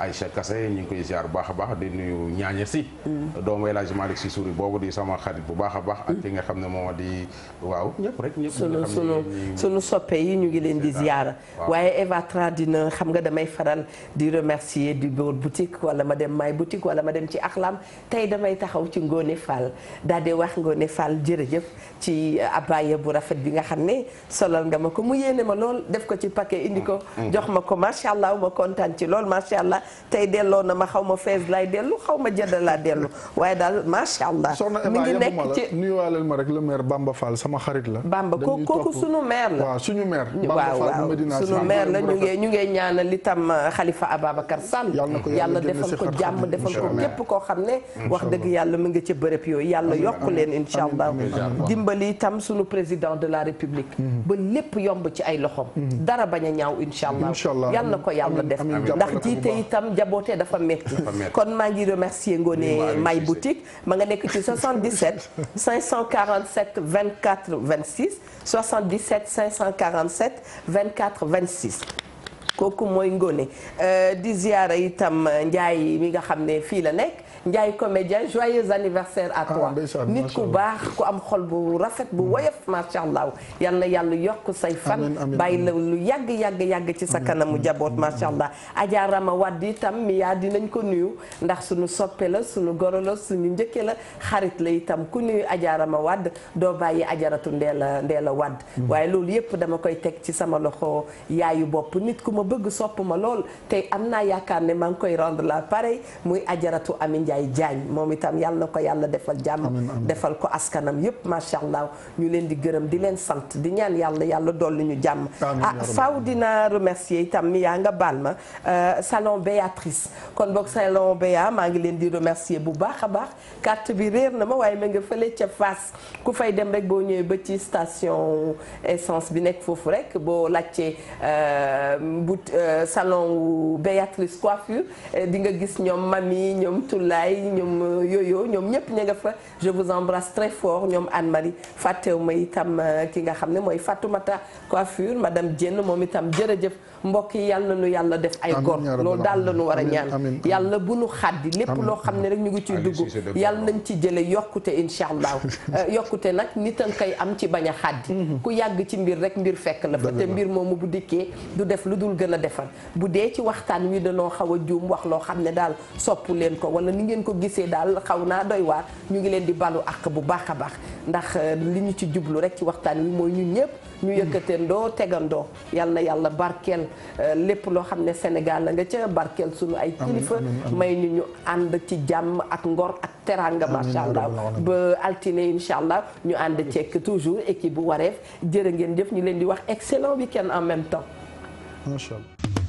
Aïcha Kassé ñu ngi koy ziar bu baax a baax di nuyu ñaaña si mm. doomu El Hadj si suuri boobu di sama xarit bu baax a baax ak mm. ki nga xam ne moom di waaw ñëpp rek ñëpp sunu sunu sunu soppe yi ñu ngi leen di ziar waaye Eva dina xam nga damay faral di remercier du Bor boutique wala ma dem may boutique wala ma dem ci Axlam tey damay taxaw ci Ngone Fall daal di wax Ngone Fall jërëjëf ci abaya bu rafet bi nga xam ne solal nga ma ko mu yéene ma lool def ko ci paquet indi ko mm-hmm. jox ma ko macha allah ma kontaan ci lool macha allah tey delloo na ma xaw ma fees laay dellu xaw ma jënd laa dellu waaye daal macha allah. mi ngi nekk ci nuyuwaaleel ma rek le maire Bamba Fall sama xarit la. Bamba kooku kooku sunu maire la. waaw suñu maire. Bamba Fall bu Medina sunu maire la ñu ngi ñu ngi ñaanal itam uh, Khalifa Ababacar Sall. yàlla defal ko jàmm defal ko képp koo xam ne. wax dëgg yàlla mu ngi ci bërëb yooyu yàlla yokk leen incha dimbali itam suñu président de la république. Mhm. ba lépp yomb ci ay loxoom. Mhm. dara bañ a ñaaw incha allah. yàlla ko yàlla def ndax jiite itam jabootee dafa metti kon maa ngi remercier Ngoné May Boutique ma nga nekk ci 77 547 24 26 77 547 24 26. kooku mooy Ngoné euh, di itam Njaay mi nga xam ne fii la nekk. Ndiaye comédien joyeux anniversaire à ah, toi nit ku baax ku am xol bu rafet bu mm. woyof macha allah yal na yàlla yokk say fan bàyyi la lu yàgg yàgg yàgg ci sa kanamu jaboot macha allah Adja Rama Wade itam mi yaa dinañ ko nuyu ndax suñu soppee la suñu goro la suñu njëkkee la xarit la itam ku nuy Adja Rama Wade doo bàyyi ajaratu Ndeela Ndeela Wade mm. waaye loolu yëpp dama koy teg ci sama loxo yaayu bopp nit ku ma bëgg sopp ma lool tey am naa yaakaar ne maa ngi koy rendre la pareil muy Ndiaye Diagne moom itam yàlla ko yàlla defal jàmm defal ko askanam yëpp macha allah ñu leen di gërëm di leen sant di ñaan yàlla yàlla dool dolli ñu jàmm ah faaw dinaa remercier itam mi yaa nga baal ma euh, salon Béatrice kon boog salon Béa maa ngi leen di remercier bu baax a baax carte bi réer na ma waaye ma nga fële ca Fass ku fay dem rek boo ñëwee ba ci station essence bi nekk foofu rek boo laajtee euh, bu euh, salon Béatrice coiffure di gis ñoom mami ñoom Tula Ndiaye ñoom euh, yooyu ñoom ñëpp ña nga fa je vous embrasse très fort ñoom Anne-Marie fàttew ma itam euh, ki nga xam ne mooy Fatoumata coiffure madame Dieng moom itam jërëjëf mbokk yi yàlla nu yàlla def ay góor loolu daal la nu war a ñaan yàlla bu nu xaddi lépp loo xam ne rek ñu ngi ciy dugg yàlla nañ ci jële yokkute incha allah euh, yokkute nag nitam a am ci bañ a xaddi mhm. ku yàgg ci mbir rek mbir fekk la fa te mbir moom mu bu dikkee du def lu dul gën a defal bu dee ci waxtaan wi danoo xawa a juum wax loo xam ne daal soppu leen ko wala ngeen ko gisee daal xaw naa doy waar ñu ngi leen di balu àq bu baax a baax ndax euh, li ñu ci jublu rek ci waxtaan wi mooy ñu ñëpp ñu yëkkatendoo tegandoo yal na yàlla barkeel euh, lépp loo xam ne Sénégal la nga ca barkeel sunu ay kilifa may ñu ñu ànd ci jàmm ak ngor ak teranga macha allah ba altine incha allah ñu ànd cek toujours équipe bu wareef jërë ngeen jëf ñu leen di wax excellent week-end en même temps macha